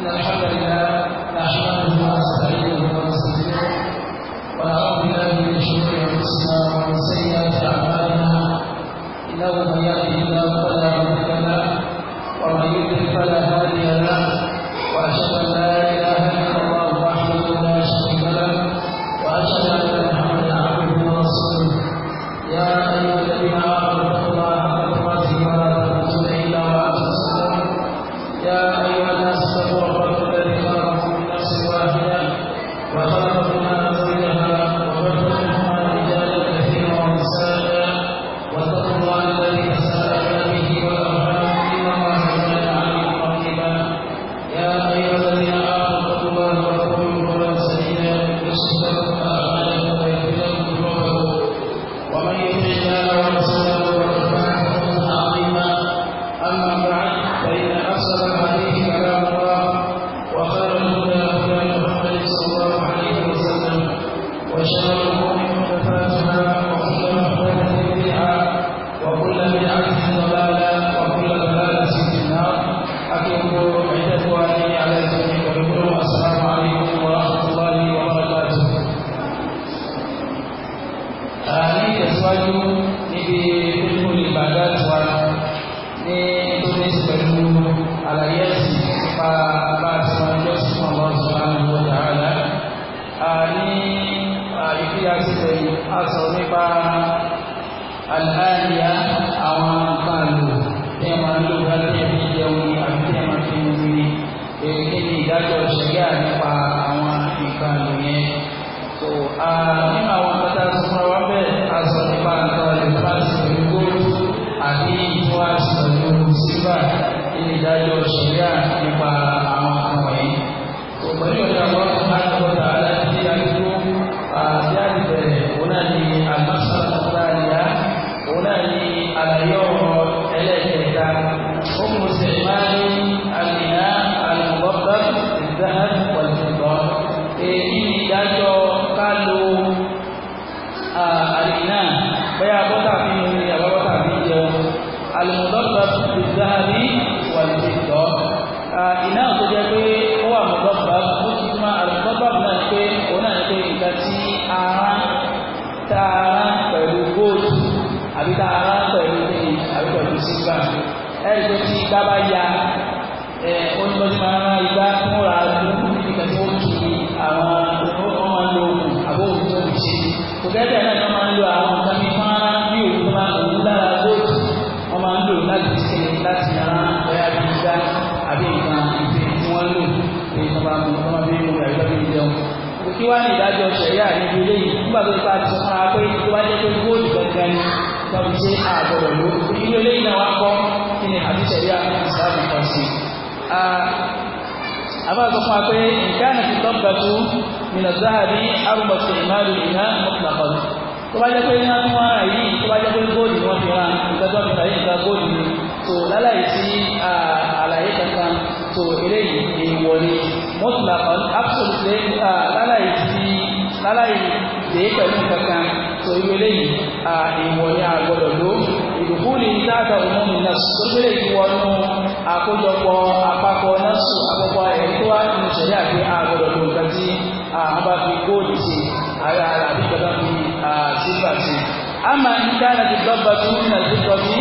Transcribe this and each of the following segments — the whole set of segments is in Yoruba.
الحمد لله نحمده ونستعينه ونستغفره ونعوذ بالله من شرور انفسنا ومن سيئات الله فلا مضل له ومن يضلل فلا níbi pínpín ìgbàgbọ́ tiwa ní tó ní sí pẹ̀lú àlàyé ẹ̀sìn nípa bá ti wọn jọ sí ọmọ ọ̀sán àwọn ọ̀dà àlá. ní ìfi àtìlẹ̀ àtọ̀ nípa àlàyé àwọn nǹkan lò tí a máa ń lò bá tẹ̀ ní jẹun ní àbí tí a máa fi mú mi èyí ní ìdájọ́ ṣẹ̀yà nípa àwọn nǹkan lò yẹn. ìdájọ́ kí wá ní ìdájọ́ ṣẹ̀yà níbi eléyìí nígbà tó ta ti fara pé tó bá jẹ́ pé góòlù gangan ni wọ́n fi ṣe àgbọ̀dọ̀ ló irú eléyìí náà wá kọ́ kí ni àbí ṣẹ̀yà ìsìlámù kan sí. àbá sọ fún wa pé nǹkan àti tọ́gbàtú nínú záàbí arúgbàtú ìmáàlú ìná mọ́tàkọ́lù tó bá jẹ́ pé iná tó wá rà yìí tó bá jẹ́ pé góòlù ni fi ra nǹkan so eléyìí èèwọ̀ ni mọ́tìlákan absolutely láláì sí láláì dé pẹ̀lú kankan so irú eléyìí èèwọ̀ ni a gbọ́dọ̀ ló ìdòkú ni dáàtà òmùmí náà tó gbélé ìwọnú àkójọpọ̀ àpapọ̀ náà sùn àpapọ̀ ẹ̀rí tó wá nínú ìṣẹ̀lẹ̀ àti a gbọ́dọ̀ ló nǹkan tí a bá fi góòlù sí ara àbí gbọ́dọ̀ fi sílvà sí. àmà ń dára ti dọ́gba tó ń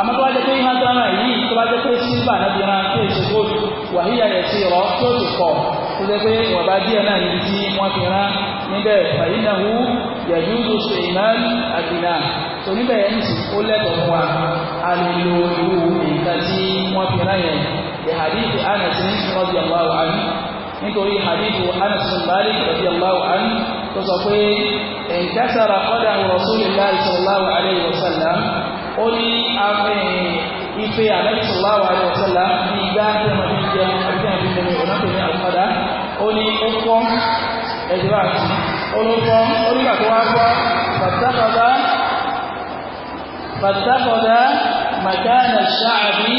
àmọ́ tó bá jẹ́ pé iná tó rán yìí tó bá jẹ́ pé sílvà náà ti rán kí èsì góòlù wàhíyà rẹ̀ sí rọ tí ó ti pọ̀ tó jẹ́ pé wàbá díẹ̀ náà níbi tí wọ́n ti rán níbẹ̀ fàyínàwó yàjúdù sèmán àdìnà tó níbẹ̀ yẹn sì ó lẹ́tọ̀ọ́ fún wa a lè lo tí wọ́n fi rán yẹn lè hadith anas ní rọ́bì aláwọ̀ àmì nítorí hadith anas ní bàálì rọ́bì aláwọ̀ tó sọ pé ẹ̀ńkásàrà kọ́dà rọ̀súlì láì sọ̀rọ̀ láwọ̀ àlẹ́ ìwọ̀sálàmù ó ní afẹ́ ife ànábì wa alaihi wasallam ní igbá tí wọ́n fi jẹ àti àti ìdẹ̀mẹ̀ ọ̀nàpẹ̀ ní àlùfàdà ó ní ó fọ́ ẹ̀jẹ̀ bá ti ó ló fọ́ ó nígbà tó wá fọ́ fàtàkọ̀dá fàtàkọ̀dá màkánà ṣáàbí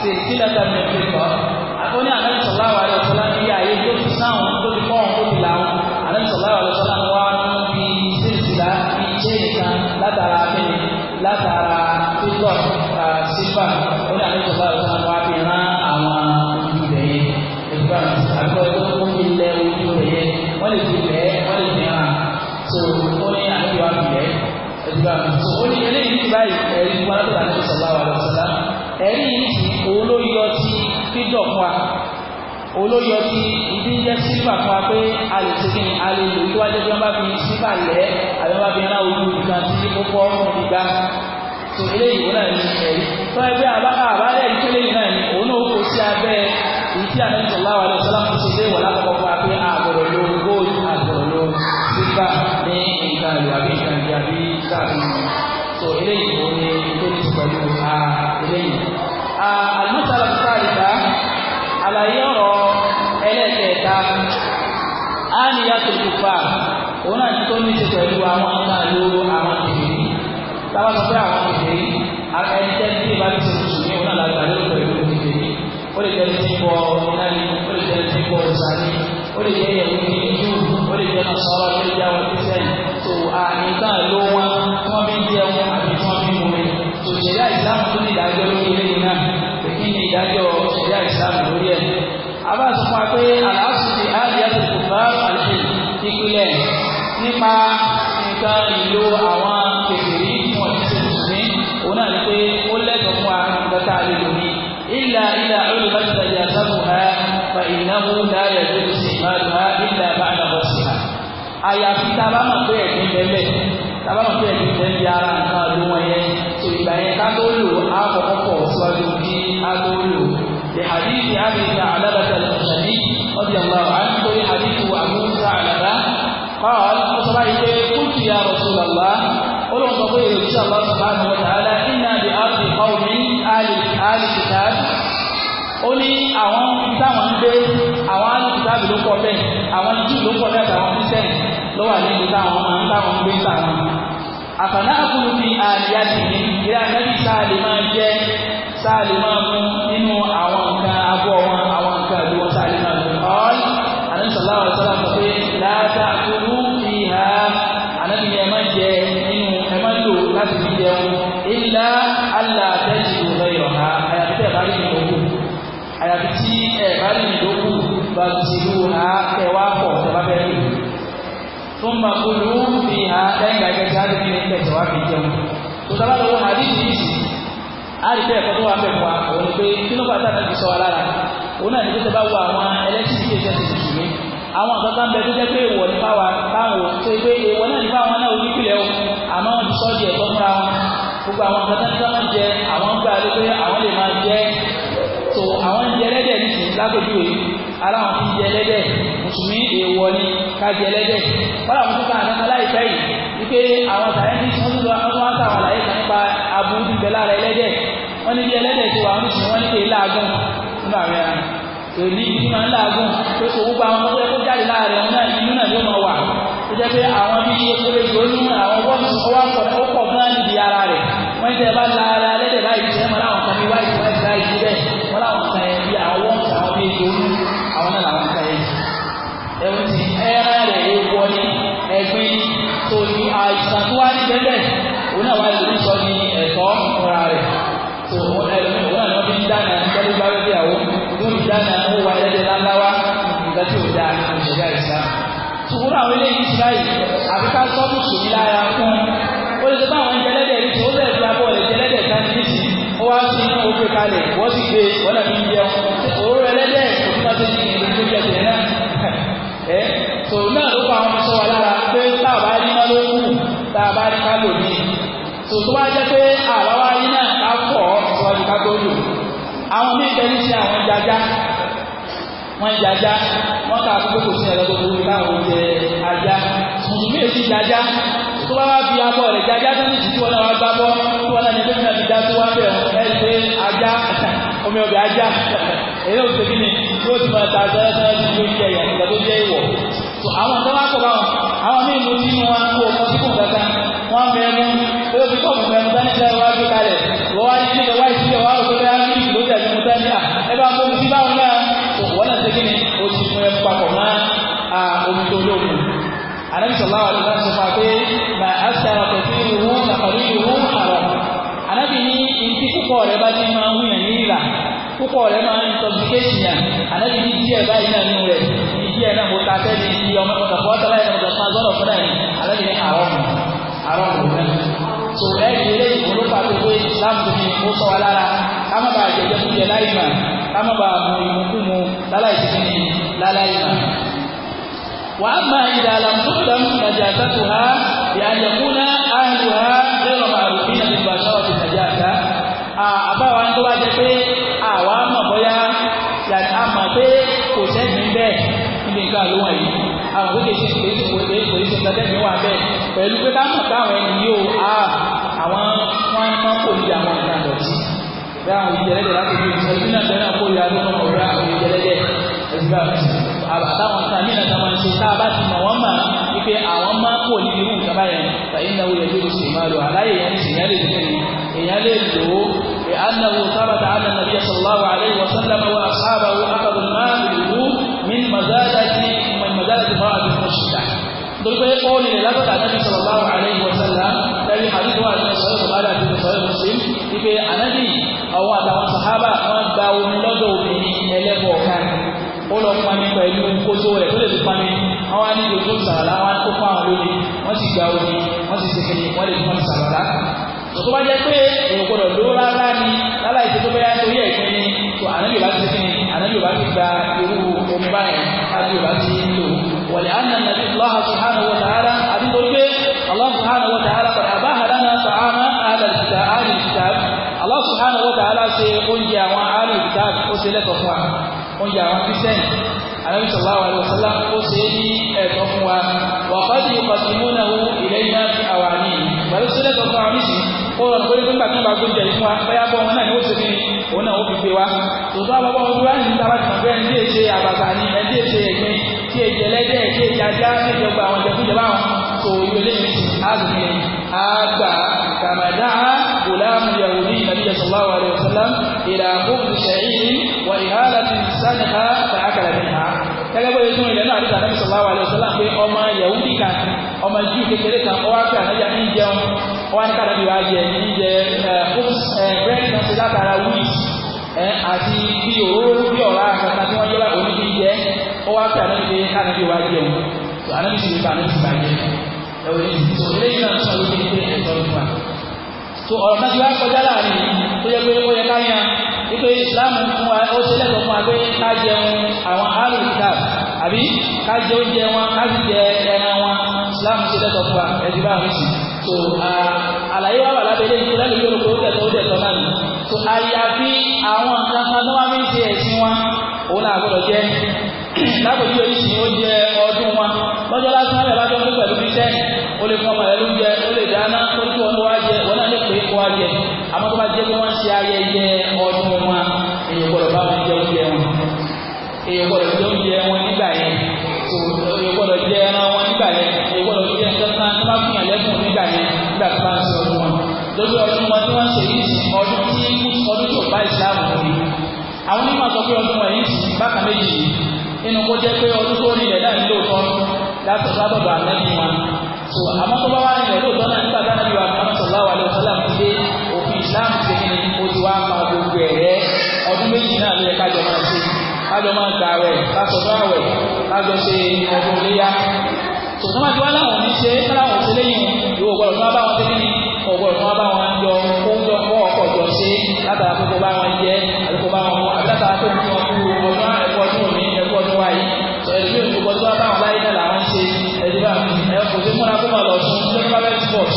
sèkílàtà mẹ́fẹ́kọ̀ọ́ ó ní ànábì sallallahu alaihi wasallam ní ayé tó fi sáwọn tó fi báyìí ẹ̀rí wa látọ̀dá ní sallallahu alaihi wasallam ẹ̀rí yìí sì olóyọ ti fídọ̀ fún wa olóyọ ti ìdí jẹ́ sílvà fún wa pé a lè ṣe kí ni a lè lò tó wájú tí wọ́n bá fi sílvà lẹ̀ àbí wọ́n bá fi rán ojú nǹkan tí ó fọ́ ìgbà tó eléyìí wọn náà ní ẹ̀rí tó ẹgbẹ́ àbálẹ̀ ìkéléyìí náà ní òun náà kó sí abẹ́ ìdí àná sallallahu alaihi wasallam kò ṣe léwọ̀ lákọ̀ọ́kọ́ fún wa pé àbọ̀rọ̀ so eléyìí ah, ah, òun ni tó ní pẹ̀lú eléyìí. àlùsàlà sáàlìkà àlàyé ọ̀rọ̀ ẹlẹ́kẹ̀ẹ́ta á ní yàtọ̀ ìfúpa òun náà ti tó ní ti pẹ̀lú àwọn ọ̀nà ìlú àwọn kìfìrí tábà sọ pé àwọn kìfìrí ẹni tẹ́ tí ìbá ti sèkú sùn ní òun náà làgbà lérò pẹ̀lú kìfìrí ó lè jẹ́ ti bọ iná ní ó lè jẹ́ ti bọ ọ̀sán ní ó lè jẹ́ ìyẹ̀wò ní yíyú ó lè jẹ́ náà ó lè jẹ́ àwọn kristian tó àyíká ló wọn. islam lórí ẹ̀ abá sọ fún wa pé aláàfin ti áàdì àti kùfà àti ìpìlẹ̀ nípa nǹkan ìlò àwọn kékeré fún ọ̀tí sí mùsùlùmí òun náà ni pé ó lẹ́tọ̀ọ́ fún wa nǹkan tá a lè lò ní ilà ilà olùbáṣepàdé àtàkùnà fa ìnáwó láyà tó ti sì máa lò á ilà bá àdàbọ̀ sí ha àyàfi tá a bá mọ̀ pé ẹ̀gbìn bẹ́ẹ̀ bá mọ̀ pé ẹ̀gbìn bẹ́ẹ̀ bí ara nǹkan ló wọ̀nyẹn tó ìgbà yẹn ká tó lò á kọ́kọ́ pọ̀ síwájú kí á tó lò لحديث أبي ثعلبة الأنساني رضي الله عنه ولحديث أبو ثعلبة قال أصبحت قلت يا رسول الله قل صبيه إن شاء الله سبحانه وتعالى إنا بأرض قوم آل آل كتاب ó ní àwọn táwọn ń gbé àwọn alùpùpù ló kọ bẹ́ẹ̀ àwọn jù ló kọ bẹ́ẹ̀ àtàwọn kristẹni ló wà nínú táwọn máa ń táwọn ń gbé táwọn. àfàná àkùnrin fi àlìyá tì ní ìlànà bí sáà lè máa jẹ sáà lè máa mú nínú àwọn abọ́ wọn àwọn nǹkan ìlú wọn sáré náà lò ọ́ọ́lì àníṣàlá wa sọ́lá sọ pé láàtà kúrú fi hà ànábì ẹ má jẹ nínú ẹ má lò láti fi jẹun ilá àlà tẹ́jì òwe ìrọ̀ha àyàfi tẹ̀ bá rí mi lókù àyàfi tí ẹ bá rí mi lókù bá ti lù ha kẹ wá pọ̀ tẹ bá fẹ́ lò tó ń kúrú fi hà lẹ́yìn àjẹsí àti fi ní fi jẹun tó sábà lọ́wọ́ àdìsí àríkẹ́ ẹ̀kọ́ tó wà fẹ́ fún wa òun pé kí ló pàtàkì àtàkì sọ wa lára òun náà ní pé tẹ́bá wo àwọn ẹlẹ́sìn tí èsẹ̀ tuntun mi àwọn àkọ́kọ́ ń bẹ tó jẹ́ pé èèwọ̀ nípa wa báwo tó pé èèwọ̀ náà nípa àwọn náà onípìlẹ̀ o àmọ́ wọn ti sọ di ẹ̀tọ́ fúnra wọn gbogbo àwọn àkọ́kọ́ tí wọ́n jẹ àwọn gbà lé pé àwọn lè máa jẹ tó àwọn ń jẹ ẹlẹ́dẹ̀ nísìnyí lápèjúwe ara wọn ti jẹ ẹlẹ́dẹ̀ mùsùlùmí èèwọ̀ ni ká jẹ ẹlẹ́dẹ̀ wọ́n làwọn tó kàn án láìpẹ́ yìí wípé àwọn sàyẹ́ntì wọ́n tún lọ wọ́n tún wá sàwọn àlàyé kan nípa aburú ti bẹ lára ẹlẹ́dẹ̀ wọ́n ní bí ẹlẹ́dẹ̀ ṣe wà nísìnyí wọ́n ní kí èyí làágùn nínú àwọn ẹran èmi ní máa ń làágùn pé kò gbogbo àwọn ọmọdé tó jáde láàrin ọ̀hún náà inú náà yóò máa wà tó jẹ́ pé àwọn bí ekele ìgbóyún àwọn bọ́ọ̀lù ọwọ́ àpọ̀ ó pọ̀ gan níbi ara rẹ̀ wọ́n jẹ́ bá la ẹlẹ́dẹ̀ báyìí ṣe máa láwọn láwọn kan ní àìsàn dáná tọ́lú bá wẹ́ bíyàwó yóò fi dáná ó wà ẹlẹ́dẹ̀ láńláwá nǹkan tí ò dáa nínú ìṣẹ̀lẹ̀ àìsàn. ṣùgbọ́n àwọn eléyìí ti báyìí àfi ká sọ́ mùsùlùmí lára fún un ó lè tẹ́ bá àwọn ìjẹlẹ́dẹ̀ yìí tó bẹ̀rẹ̀ fi abọ́ rẹ̀ jẹlẹ́dẹ̀ sáni níìsì ó wá sí inú ojú kalẹ̀ wọ́n sì gbé wọ́n náà fi ń jẹun òórùn ẹlẹ́dẹ̀ òfin náà ti ní ìlú tó jẹ tẹ̀lé náà ẹ̀ tòun náà ló fa àwọn ọmọ sọ wa lára pé tá a bá rí ká ló kù tá a bá rí ká lò ní tòun tó bá jẹ́ pé àbáwá yín náà ká pọ̀ síwájú ká tó lò àwọn míì tẹ́lú sí àwọn jaja wọ́n jaja wọ́n kà fún kókò sí ẹ̀rọ gbogbo láwọn oúnjẹ ajá mùsùlùmí èsì jaja tó bá wá fi abọ́ rẹ̀ jaja tó ní ti tí wọ́n náà wá gbá bọ́ tí wọ́n náà ní gómìnà fi dá tó wá bẹ̀ ẹ̀ ṣe ajá omi ọbẹ̀ ajá èyí ò tẹ̀lé ni yóò ti máa ta àgbẹ̀rẹ̀ sọ́yà tó ń jẹ ìyà ìgbà tó jẹ́ ìwọ̀ tó àwọn tó bá kọ̀ bá àwọn míì mú sínú wọn kó ọkọ̀ sí kùn kankan wọ́n mẹ́rin ó ti kọ̀ mẹ́rin bá ní anabi sallallahu alaihi wa sallam sọ fún wa pé ma asara kẹfì ihu na kọrí ihu àrọ anabi ní ntí púpọ̀ rẹ bá ti máa ń wúyàn ní ìlà púpọ̀ rẹ máa ń intoxication yàn anabi ní díẹ̀ báyìí náà nù rẹ ní díẹ̀ náà mo ta tẹ́lẹ̀ ní ọmọ ọ̀dọ̀fọ́ tẹ́lẹ̀ ní ọ̀dọ̀fọ́ azọ́dọ̀ fún náà anabi ní àrọ́ àrọ́ kò náà so ẹ̀rí eléyìí kò ló fà tó pé islam tó fi kó sọ wa lára ká má bàa jẹjẹ fún jẹ láì mà ká má bàa mú ìmúkúmu láláì sí ní láláì mà. وأما إذا لم تقدم نجاستها بأن يكون أهلها غير معروفين ببشرة النجاسة àbáwa ń tó bá jẹ pé àwa mọ̀ bóyá yàtí a mọ̀ pé kò sẹ́ni bẹ́ẹ̀ níbi nǹkan ló wọ̀nyí àwọn òkè sí ìpè sí ìpè sí ìpè sí ìtọ́jú wà bẹ́ẹ̀ pẹ̀lú pé ká mọ̀ káwọn ẹni yóò á àwọn wọn mọ̀ kò ní àwọn nǹkan dọ̀tí bí àwọn ìjẹlẹ́dẹ̀ láti fi ìsọ̀rọ̀ nígbà tẹ́lẹ̀ kó yà ló mọ̀ ọ̀rẹ́ àwọn ìjẹlẹ́dẹ̀ ẹgbẹ́ àti àbáwọn sàmì náà táwọn ṣe tá a bá ti mọ̀ wọ́n mà wípé àwọn máa kò ní irú nǹkan báyẹn tàyí náà wọ́n yẹ sí máa lò aláyè yẹn sì yẹn lè lò èèyàn lè lò ó ẹ̀ anáwó sábàtà àná nàbí sallallahu alaihi wa sallam wa ashabahu akadu máa lò min mazalati min mazalati máa àbí fún ṣìkà nítorí pé ó lè lágbàdà nàbí àtàwọn sàhábà wọn gba ó lọ pani pẹ̀lú kótó rẹ̀ tó lè fi pani wọ́n wá ní ojú sàràlá wá tó fún àwọn lómi wọ́n sì gba omi wọ́n sì ṣèkìlì wọ́n lè fi wọn sàràlá. tó bá jẹ́ pé èrò gbọ́dọ̀ ló rárá ni lálá ìṣe tó bẹ́yà torí ẹ̀gbẹ́ ni tó ànábì bá ti fi ànábì bá ti gba irú omi báyìí ànábì bá ti lò wọ̀lẹ̀ àná nàbí Allah subhanahu wa ta'ala àbí Allah subhanahu wa ta'ala pàdé oúnjẹ àwọn àdàlìkìtà ó ṣe lẹ́tọ̀ọ́ fún wa wọ́n yà wọ́n kírísítẹ́nì Ànábì sallallahu alaihi wasallam ó ṣe é ní ẹ̀tọ́ fún wa wà fàájì yóò pàṣẹ mú náà ilẹ̀ iná àwà ní pẹ̀lú sílẹ̀ tó fún wa ní sìn ó rọrùn pé nígbà tó ń bá gbóúnjẹ yìí fún wa bóyá bọ́ òun náà ni ó ṣe fi òun náà ó fi gbé wa tòótọ́ àbábọ́ ọdún wa ní tàbá kan bẹ́ẹ̀ ní èṣe àbàtà ní ẹ̀dí èṣe ẹ̀gbin kí èjì ẹlẹ́jẹ̀ kí èjì ìjọba àwọn ìjọba àwọn tó ìwé lẹ́yìn àgbà kàmàdá gòlámù yahudi النبي صلى الله عليه وسلم إلى قبل شعير وإهالة لسانها فأكل منها gẹ́gẹ́ bó ṣe tún ilẹ̀ náà nígbà nàbìsọ̀ láwà lọ sọ́lá pé ọmọ yahudi kan ọmọ jù kékeré kan ọwọ́ àti ànájà ní jẹun ọwọ́ àti kàdàbí wa jẹ ní jẹ bẹ́ẹ̀ kan ṣe látara wíìs àti bí òróró bí ọ̀rá àkàtà tí wọ́n yẹ wá òní bí jẹ ọwọ́ àti ànábì kàdàbí wa jẹun ànábì sì ní bá ànábì sì bá jẹ ẹ̀wọ̀n ní ìsìn so ọ̀rọ̀ kan ti wá kọjá láàrin tó yẹ pé ó yẹ ká yan wípé ìsìláàmù fún wa ó ṣe lẹ́tọ̀ọ́ fún wa pé ká jẹun àwọn àrùn ìta àbí ká jẹ oúnjẹ wọn ká sì jẹ ẹran wọn ìsìláàmù ṣe lẹ́tọ̀ọ́ fún wa ẹ̀dí bá mi sì so àlàyé wa wà lábẹ́lẹ́ yìí lẹ́nu yóò kó tẹ̀tọ̀ ó tẹ̀tọ̀ náà ni so àyàfi àwọn nǹkan kan tó wá fi ń ṣe ẹ̀sìn wọn òun náà gbọ́dọ̀ jẹ́ lápòjú oríṣi oúnjẹ ọdún wọn lọ́jọ́ lásán lẹ́ẹ̀ bá jọ pé pẹ̀lú bíṣẹ́ ó lè fún ọmọ rẹ̀ lóúnjẹ ó lè dáná ó lè ọmọ wájú wá jẹ àmọ́ tó bá jẹ́ pé wọ́n ṣe ayẹyẹ ọdún wọn èyí gbọ́dọ̀ bá wọn jẹ oúnjẹ wọn èyí gbọ́dọ̀ jẹ oúnjẹ wọn nígbà yẹn èyí gbọ́dọ̀ jẹ ẹran wọn nígbà yẹn èyí gbọ́dọ̀ jẹ kankan tó bá fún yàn lẹ́kùn nígbà yẹn nígbà tó bá ń ṣe ọdún wọn lójú ọdún wọn tí wọ́n ṣe yìí ọdún tí ọdún tó bá ìsìlámù rí àwọn onímọ̀ sọ pé ọdún wọn yìí bákan méjì nínú kó jẹ́ pé ọdún tó rí rẹ̀ náà ń lò tán látọ̀ látọ̀dọ̀ so àmọ́ tó bá wà ní ìrọ̀lẹ́ òtọ́ náà nígbà táwọn ìwà kan sọ̀lá wà lọ́wọ́ sálàm ti dé òfin Islam ti ní o ti wá pa gbogbo ẹ̀ rẹ ọdún méjì náà ló yẹ kájọ máa ṣe kájọ máa gbà rẹ kásọ̀tọ̀ àwẹ̀ kájọ ṣe ọdún iléyà so tó máa ti wá láwọn ní ṣe láwọn ṣe lẹ́yìn ìwọ gbọ́dọ̀ tó wá bá wọn ṣe kíni ọgbọ́dọ̀ tó wá bá wọn yọ oúnjẹ ọkọ̀ ọkọ̀ jọ ṣe látara pé kó bá wọn jẹ àti tó máa lọ sí tournament sport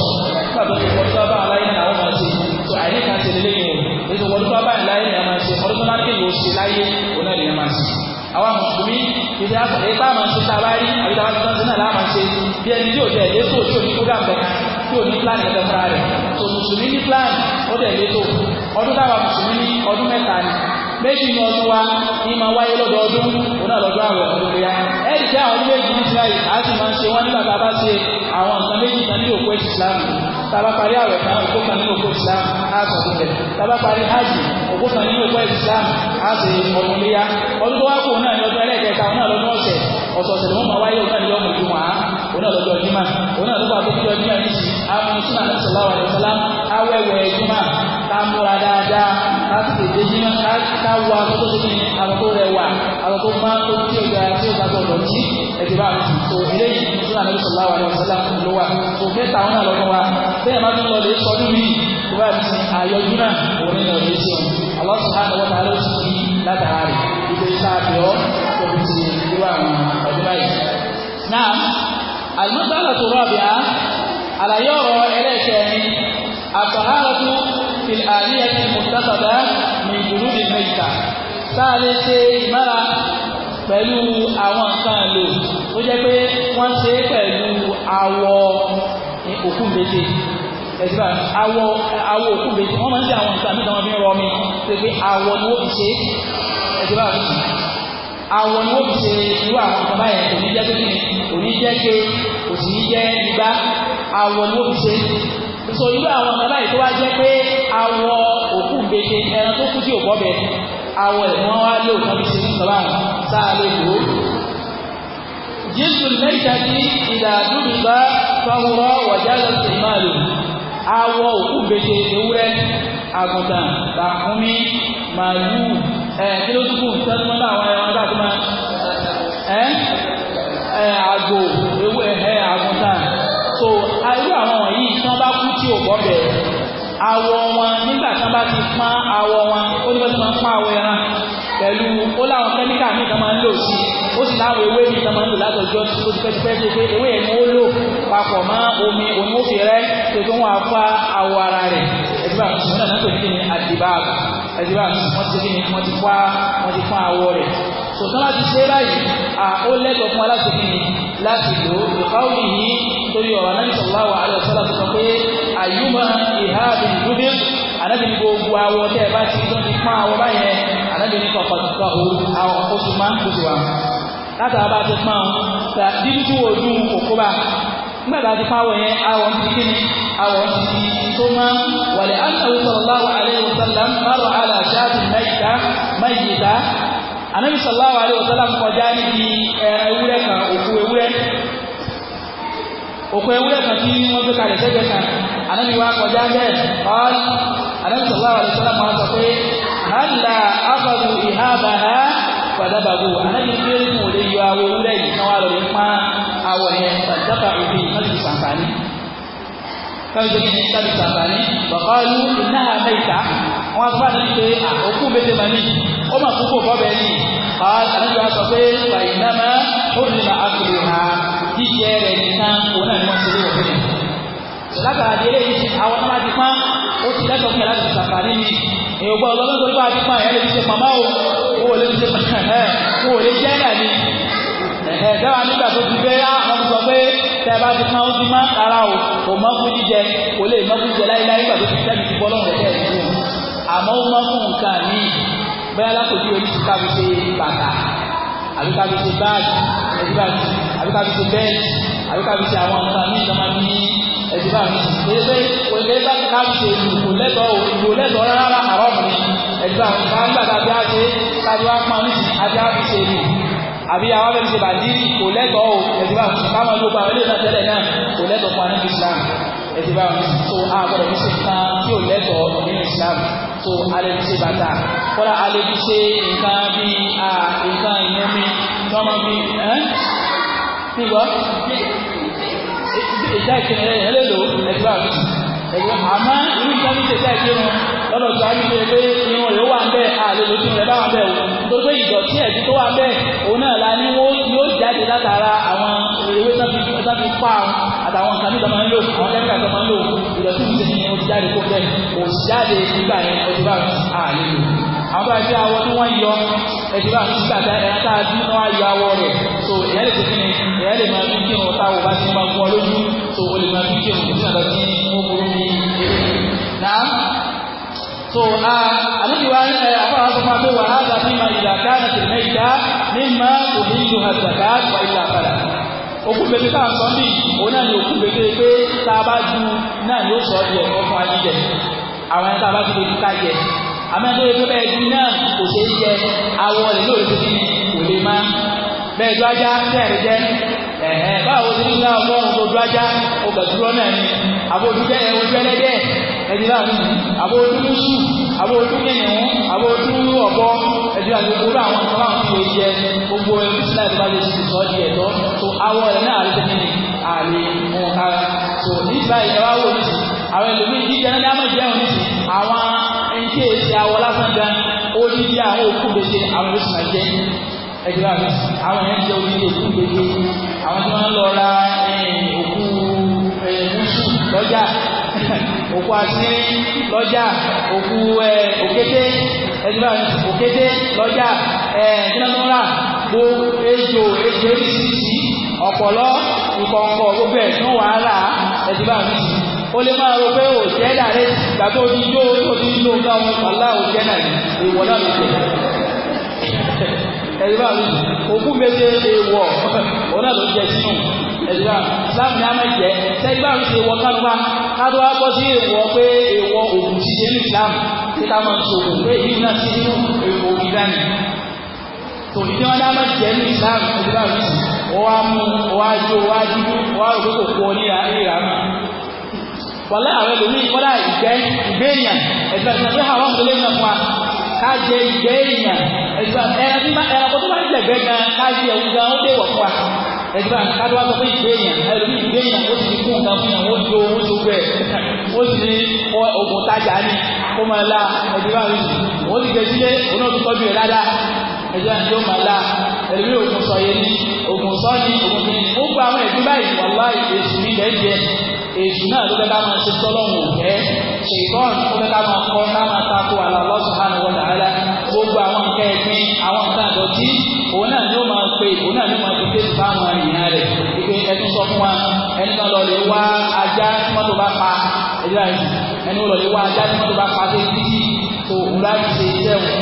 nígbà tó ti wọ́n tó bá aláyé náà máa ṣe tó àìní kan ṣe lélẹ́ yẹn o èso wọ́n tó bá aláyé náà máa ṣe ọdún tó lápẹ́ yóò ṣe láyé òun náà nìyẹn máa ṣe. àwa mùsùlùmí ìdí apá máa ṣe tá a bá rí àbí tá a bá ti tán sí náà láà máa ṣe bí ẹni tí ò jẹ ẹ̀dẹ́ tó tí ò program kankan tí ò plan ẹ̀dẹ̀ fúnra rẹ̀ tó mùsùlùmí ní plan ó dẹ̀ lé tó ọdún táwa mùsùlùmí ọdún mẹ́ta ni méjì ní ọdún wa ní máa wáyé lọ́dọọdún òun náà lọ́dún àwẹ̀ ọdún tó yá ẹ̀rì àwọn a sì máa ń ṣe wọ́n nígbà tá a bá ṣe àwọn nǹkan méjì kan ní òkú ẹ̀sì ìsìlámù tá a bá parí àwẹ̀ kan òkú kan nínú òkú ìsìlámù á sọ nílẹ̀ tá a bá parí hajj òkú kan nínú òkú á sì òun náà lọ́jọ́ jimá òun náà lọ́gbà tó jọ jimá yìí àwọn súnà ní sọláwà ní sọlá awẹ́wẹ́ jimá ká múra dáadáa ká tètè dé jimá ká wọ àkókò tó ní àkókò rẹ wà àkókò máa tó tí o gbà tí o bá gbọdọ̀ jí ẹ̀dì bá mi tó eléyìí súnà ní sọláwà ní sọlá ló wà tó mẹ́ta òun náà lọ́kọ̀ wa bẹ́ẹ̀ má tó lọ lè sọdún mi tó bá ti àyọ jimá òun ní ọ̀rẹ́ sí ọ Allah subhanahu wa ta'ala ti fi látàrí ìgbésà àbíọ́ tó fi ti irú àwọn ọdún báyìí. Náà المسألة الرابعة على يورو إليكني الطهارة في الآلية المتخذة من جلود الميتة ثالثة مرة pẹ̀lú àwọn nǹkan lò tó jẹ́ pé wọ́n ṣe pẹ̀lú awọ òkú méje ẹ̀sìnbà awọ awọ òkú méje wọ́n máa ń ṣe àwọn nǹkan mẹ́ta wọn fi ń rọ mi pé pé awọ ni wọ́n fi ṣe ẹ̀sìnbà awọ ni wọ́n fi ṣe irú àwọn nǹkan báyẹn kò ní jẹ́ pé kò ní jẹ́ pé kò sì ní jẹ́ ìgbà awọ ni ó fi ṣe so irú àwọn ọ̀nà báyìí tó wá jẹ́ pé awọ òkú gbèdé ẹran tó kú sí òkú ọbẹ̀ awọ ẹ̀ wọ́n wá lé òkú fi ṣe ní sọ́lá sáà lè lò ó. jésù mẹ́ta ní ìdàdúdú bá fáwọ́rọ́ wàjá lọ́sẹ̀ máa lò awọ òkú gbèdé ewúrẹ́ àgùntàn bàkúnmí màálù ẹ̀ kí ló dúkù tẹ́tí mọ́tà àwọn ẹran dàgbọ́n àgbò ewé ẹ̀ àgùntàn so irú àwọn wọ̀nyí tí wọ́n bá kú tí ò bọ́ bẹ̀ awọ wọn nígbà tí wọ́n bá ti pọ́n awọ wọn ó ní bẹ́ẹ̀ tí wọ́n pọ́n awọ ẹran pẹ̀lú ó láwọn kẹ́míkà míì kan máa ń lò sí ó sì láwọn ewé míì kan máa ń lò látọjọ́ tí ó ti fẹ́ ti fẹ́ ṣe pé ewé yẹn ni ó lò papọ̀ mọ́ omi òní ó fi rẹ́ ṣe tó wọn afá awọ ara rẹ̀ ẹ̀dùbà wọn náà náà tó ti ní àdìbà àdìbà wọn ti ní wọn ti fá wọn ti fá awọ rẹ̀ tó tán láti ṣe báyìí à ó lẹ́tọ̀ fún aláṣẹ kìíní láti lò ó ìfáwọ́lì yìí torí ọ̀rọ̀ anábì sallallahu alaihi wasallam sọ pé àyùmọ̀ ìhà àbìnúbí anábì ní gbogbo awọ tẹ́ ẹ bá ti tán ti pọ́n awọ báyẹn anábì ní kọ̀ọ̀kan o àwọn oṣù máa ń kojú wa látara bá ti pọ́n ta dídú ojú òkú nígbà tá a ti pọ́n awọ yẹn awọ ti kí ni awọ ti ti tó máa wàlẹ̀ àtàwọn sallallahu alaihi wasallam márùn-ún àlàáṣá anabi sallallahu alayhi wa sallam kọjá níbi ẹran eh, ewúrẹ́ kan òkú ewúrẹ́ òkú ewúrẹ́ kan tí wọ́n gbé kalẹ̀ sẹ́gbẹ̀ẹ́ kan anabi wa kọjá bẹ́ẹ̀ ọ́n anabi sallallahu alayhi wa sallam máa sọ pé hàlà afọlù ìhàbà ha fàdábàbò anabi gbé mú lè yọ awọ ewúrẹ́ yìí náà wà lórí pa awọ yẹn fàdábà òfin náà sàǹfààní. káwé ní sábì sàǹfààní wàkọ́lù ìnáhà mẹ́ta wọn fún àdéhùn pé òkú méje máa ní ó mà kú kò bọ́ bẹ́ẹ̀ ní àdéhùn wa sọ pé fàyínàmá ó ní ma àkùrè ha jíjẹ rẹ̀ nìkan òun náà ni wọ́n ti lé wọ̀ fún mi. látara di eléyìí àwọn ọmọ àti pán ó ti lẹ́tọ̀ọ́ fún yàrá ti sàǹfààní mi èèyàn gbọ́ ọlọ́dún tó bá ti pán ẹ̀yẹ́ lè fi ṣe pamọ́ o owó lè fi ṣe pamọ́ ẹ̀ owó lè jẹ́ náà ni ẹ̀ dára nígbà tó ti gbé àwọn ah, sọ pé tẹ́ bá ti pán ó ti má rárá o kò mọ́ fún jíjẹ kò lè mọ́ fún jíjẹ láíláí nígbà tó ti tẹ́ àmọ́ ó máa ń mú nǹkan míì bẹ́ẹ̀ lápòjú oríṣi kábi ṣe bàtà àbí kábi ṣe báàgì ẹ̀dí báàgì àbí kábi ṣe bẹ́ẹ̀lì àbí kábi ṣe àwọn nǹkan míì tó máa ń ní ẹ̀dí báàgì pé pé pé kábi ṣe ìlú lẹ́tọ̀ọ́ ìlú lẹ́tọ̀ọ́ rárá àrọ́ mi ẹ̀dí báàgì máa ń gbàgbà bí a ṣe kábi wá pọn ní àbí a fi ṣe ìlú àbí àwọn abẹ́rẹ́ ṣe bàdí kò lẹ́tọ̀ọ́ ẹ̀dí Islam ẹtì bá wọn so a gbọ́dọ̀ fi ṣe nǹkan tí ò lẹ́tọ̀ọ́ nínú islam so alẹ́ fi ṣe bàtà kọ́lá alẹ́ fi ṣe nǹkan bí a nǹkan ìmúmi tọ́mọ bí ẹ́ nígbọ́ ìjà ìkìnnìyàn yẹn lè lò ẹtì bá wọn ẹ̀yọ́ àmọ́ irú nǹkan ní tẹ̀sí àìkírun lọ́dọ̀ tó a ní pé irun rẹ̀ wà bẹ́ẹ̀ àlejò tí rẹ̀ bá wà bẹ́ẹ̀ o bá pa àtàwọn nǹkan nígbà máa ń lò àwọn lẹ́gbẹ̀ẹ́ àti ń lò ìdọ̀tí ìdíje ni ó ti jáde kó bẹ́ẹ̀ kò jáde nígbà yẹn ọdún bá ààyè lò àwọn bá fi awọ tí wọ́n yọ ẹ̀dùn bá nígbà tá ẹ̀rọ tá a dín náà yọ awọ rẹ̀ so ìyá lè tẹ̀sí ni ìyá lè máa fi kírun ọ̀tá wo bá ti máa gún ọ lójú so o lè máa fi kírun kò sí àlọ́ tí ní eré náà so òkú bèbè tá à ń sọ ní òun náà ni òkú bèbè pé tá a bá ju náà ni ó sọ di ẹ̀kọ́ fún ayé jẹ àwọn ẹni tá a bá ti lè ká jẹ àmọ́ ẹni tó bẹ́ẹ̀ di náà kò ṣeé jẹ awọ rẹ̀ lóòrè tó ti kò lè má bẹ́ẹ̀ du ajá bẹ́ẹ̀ jẹ́ ẹ̀hẹ́ báwo ti ní ká ọgọ́rùn tó du ajá o dúró náà ni àbójútẹ́ ojú ẹlẹ́dẹ́ ẹ̀dí láàrin àbójú lóṣù àbójú kẹ̀yìn àbójú lè sọ di ẹ̀tọ́ tó awọ rẹ̀ náà àrí tẹ́kẹ́ ni àlè mú ara tó nígbà ìjọba wò ní sí àwọn ẹlòmíì jíjẹ náà ní àmọ́ ìjẹun ní sí àwọn ẹnìkẹ́ èsì awọ lásán gan ó ní bí àwọn òkú gbèsè àwọn oṣù máa jẹ ẹjọ́ àmì àwọn ẹ̀yẹn jẹ́ orí òkú gbèsè àwọn tí wọ́n lọ ra òkú ẹ̀ẹ́dúnṣù lọ́jà òkú asírí lọ́jà òkú òkété ẹjọ́ àmì òkété lọ́jà ẹ̀ẹ́dínlọ́dúnrà àgbo ejò ejò oríṣiríṣi ọ̀pọ̀lọ́ nǹkan ọkọ̀ gbogbo ẹ̀ tún wàhálà ẹ̀dí bá mi sí ó lè máa ro pé òjẹ́ dàrẹ́ tàbí oníjó oníjó nǹkan ọmọ ìpàlá òjẹ́ náà èèwọ̀ náà ló jẹ́ ẹ̀dí bá mi òkú méje èèwọ̀ òun náà ló jẹ sínú ẹ̀dí bá sáàmù ní àmọ́ ìjẹ́ ẹ̀dí bá mi ti wọ kánúwá kánú wá bọ́ sí èèwọ̀ pé èèwọ̀ òkú ti ṣe ní tò ní wọn dábàá jẹ ní islam ẹgbẹ́ bá mi sùn wọ́n á mú wọ́n á jó wọ́n á dúdú wọ́n á rò kókò wọ́n ní ìlà mi. wọ́n lé àwọn ẹlòmíì wọ́n dá ìgbẹ́ ìgbẹ́yìn ẹ̀sìn àti ìgbẹ́ àwọn ọ̀dọ́ lẹ́nu ọ̀fun wa ká jẹ ìgbẹ́yìn ẹ̀sìn àti ẹranko tó bá ń jẹ̀gbẹ́ gan ká jẹ ẹ̀wù gan ó dé wọ̀ fún wa ẹ̀sìn àti ká wá sọ pé ìgbẹ́yìn ẹlòmíì ìgbẹ́yìn ó ti kú nǹkan fún yàn ó jó ó jó bẹ́ẹ̀ ó ti ní oògùn tajà ní kó máa la ẹ̀sìn àti ìgbẹ́yìn ó ti gẹ̀ sílé òun náà tó tọ́jú rẹ̀ dáadáa ẹjọ́ ẹni yóò máa la ẹlẹ́mí ògùn sọ yẹn ní ògùn sọ ní ògùn kìíní ó gba àwọn ẹ̀dùn báyìí wàlá èsù ní lẹ́jẹ̀ èsù náà ló fẹ́ ká máa ṣe tọ́lọ́mù òkẹ́ ṣèkọ́n ó fẹ́ ká máa kọ́ ká máa takò àlà lọ́sùn hàn wọ́n dàrá gbogbo àwọn nǹkan ẹ̀gbin àwọn nǹkan àdọ̀tí òun náà ni ó máa pe òun náà ni ó máa fi tẹ́sí fáwọn èèyàn rẹ̀ pé ẹtún sọ fún wa ẹni náà lọ lè wá ajá tí mọ́tò bá pa ẹni náà lọ lè wá ajá tí mọ́tò bá pa dé títí tó òun láti ṣe iṣẹ́ òun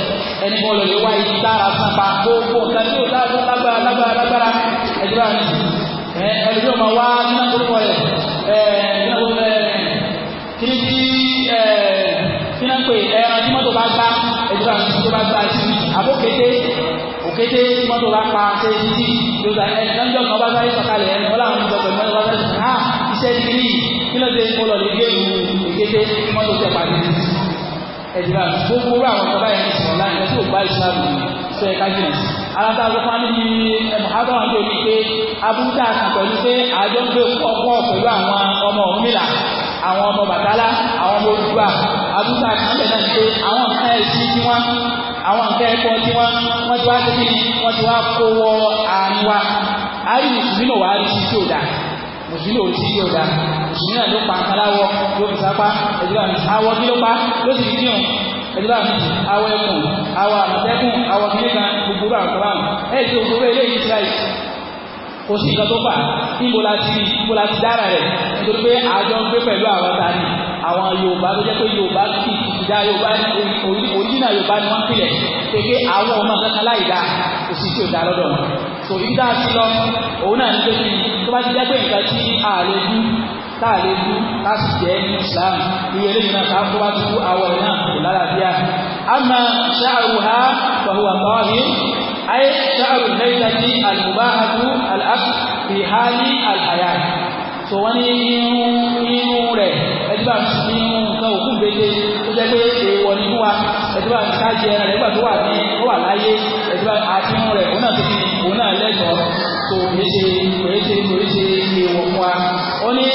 ẹni kọ́ lọ lè wá yìí tára sápa gbogbo nǹkan tí ó dáadọ́ lágbára lágbára lágbára ẹ̀dúrà ni ẹni tí ó máa wá nínú orúkọ rẹ̀ kiri tí kíná pé ẹran tí mọ́tò bá gbá ẹ̀dúrà ni tó bá gbá sí àbókété òkété tí mọ́tò bá pa ṣe títí tó ta ẹni lọ́jọ́ kan bá sáré sọ̀kalẹ̀ ẹni wọ́n láwọn ìjọ pẹ̀lú ẹni wọ́n sáré sọ̀kalẹ̀ iṣẹ́ ti rí kí ẹ̀dìbà gbogbo àwọn ọ̀tọ́ báyìí ní sọ̀rọ̀ láì lọ́sí ògbà ìsìlámù sọ ẹ̀ka jìnnà aláta àgbọ̀pá níbi ẹ̀mọ̀hábọ̀ àti omi pé abúlé àkàtọ̀ ni pé àjọ gbé ọgbọ́ pẹ̀lú àwọn ọmọ Ọ̀rúnmìlà àwọn ọmọ Bàtálá àwọn ọmọ Odùduwà abúlé àkàtọ̀ náà ni pé àwọn nǹkan ẹ̀sìn tí wọ́n àwọn nǹkan ẹ̀kọ́ tí wọ́n wọ́n ti wá sí kí wọ́n ti wá kó wọ àárín wa àárín mùsùlùmí náà wà á rí sí tí ò dáa mùsùlùmí ò rí sí tí ò mùsùlùmí náà ló pa nǹkan láwọ́ yóò fi sápá ẹ̀dùbà ní awọ kí ló pa ló sì kí hàn ẹ̀dùbà ní awọ ẹkùn awọ àmọ̀tẹ́kùn awọ kìnìkan gbogbo àwọn kan láwọn ẹ̀ tí gbogbo eléyìí ti láì kò sí nǹkan tó fà níbo la ti níbo la ti dára rẹ̀ nítorí pé àjọ ń gbé pẹ̀lú àwọn ta ni àwọn Yorùbá tó jẹ́ pé Yorùbá ti ìdá Yorùbá òrìjìnà Yorùbá ni wọ́n pilẹ̀ pé àwọn ọmọ kankan láì dá kò sí tí ò dá lọ́dọ̀ so ìdá sí lọ òun náà ní pé kí tó bá ti jẹ́ pé nǹkan tí ààrẹ dún táàlé kú láti jẹ́ ní islam ìwé eléyìí náà káàkó bá ti kú àwọ̀ ẹ̀ náà kò lálàáfíà amma sha'ruha fa huwa tahir ay sha'ru laylati al-mubahatu al-aq fi hali al-hayat so wọ́n ní irun rẹ̀ ẹgbà ní irun nǹkan òkú gbélé tó jẹ́ pé èèwọ̀ ní fún wa ẹgbà ní káàkiri ẹran rẹ̀ nígbà tó wà ní ó wà láyé ẹgbà àti irun rẹ̀ òun náà tó fi òun náà lẹ́tọ̀ọ́ so kò é ṣe kò é ṣe kò é ṣe èèwọ̀ fún wa ó ní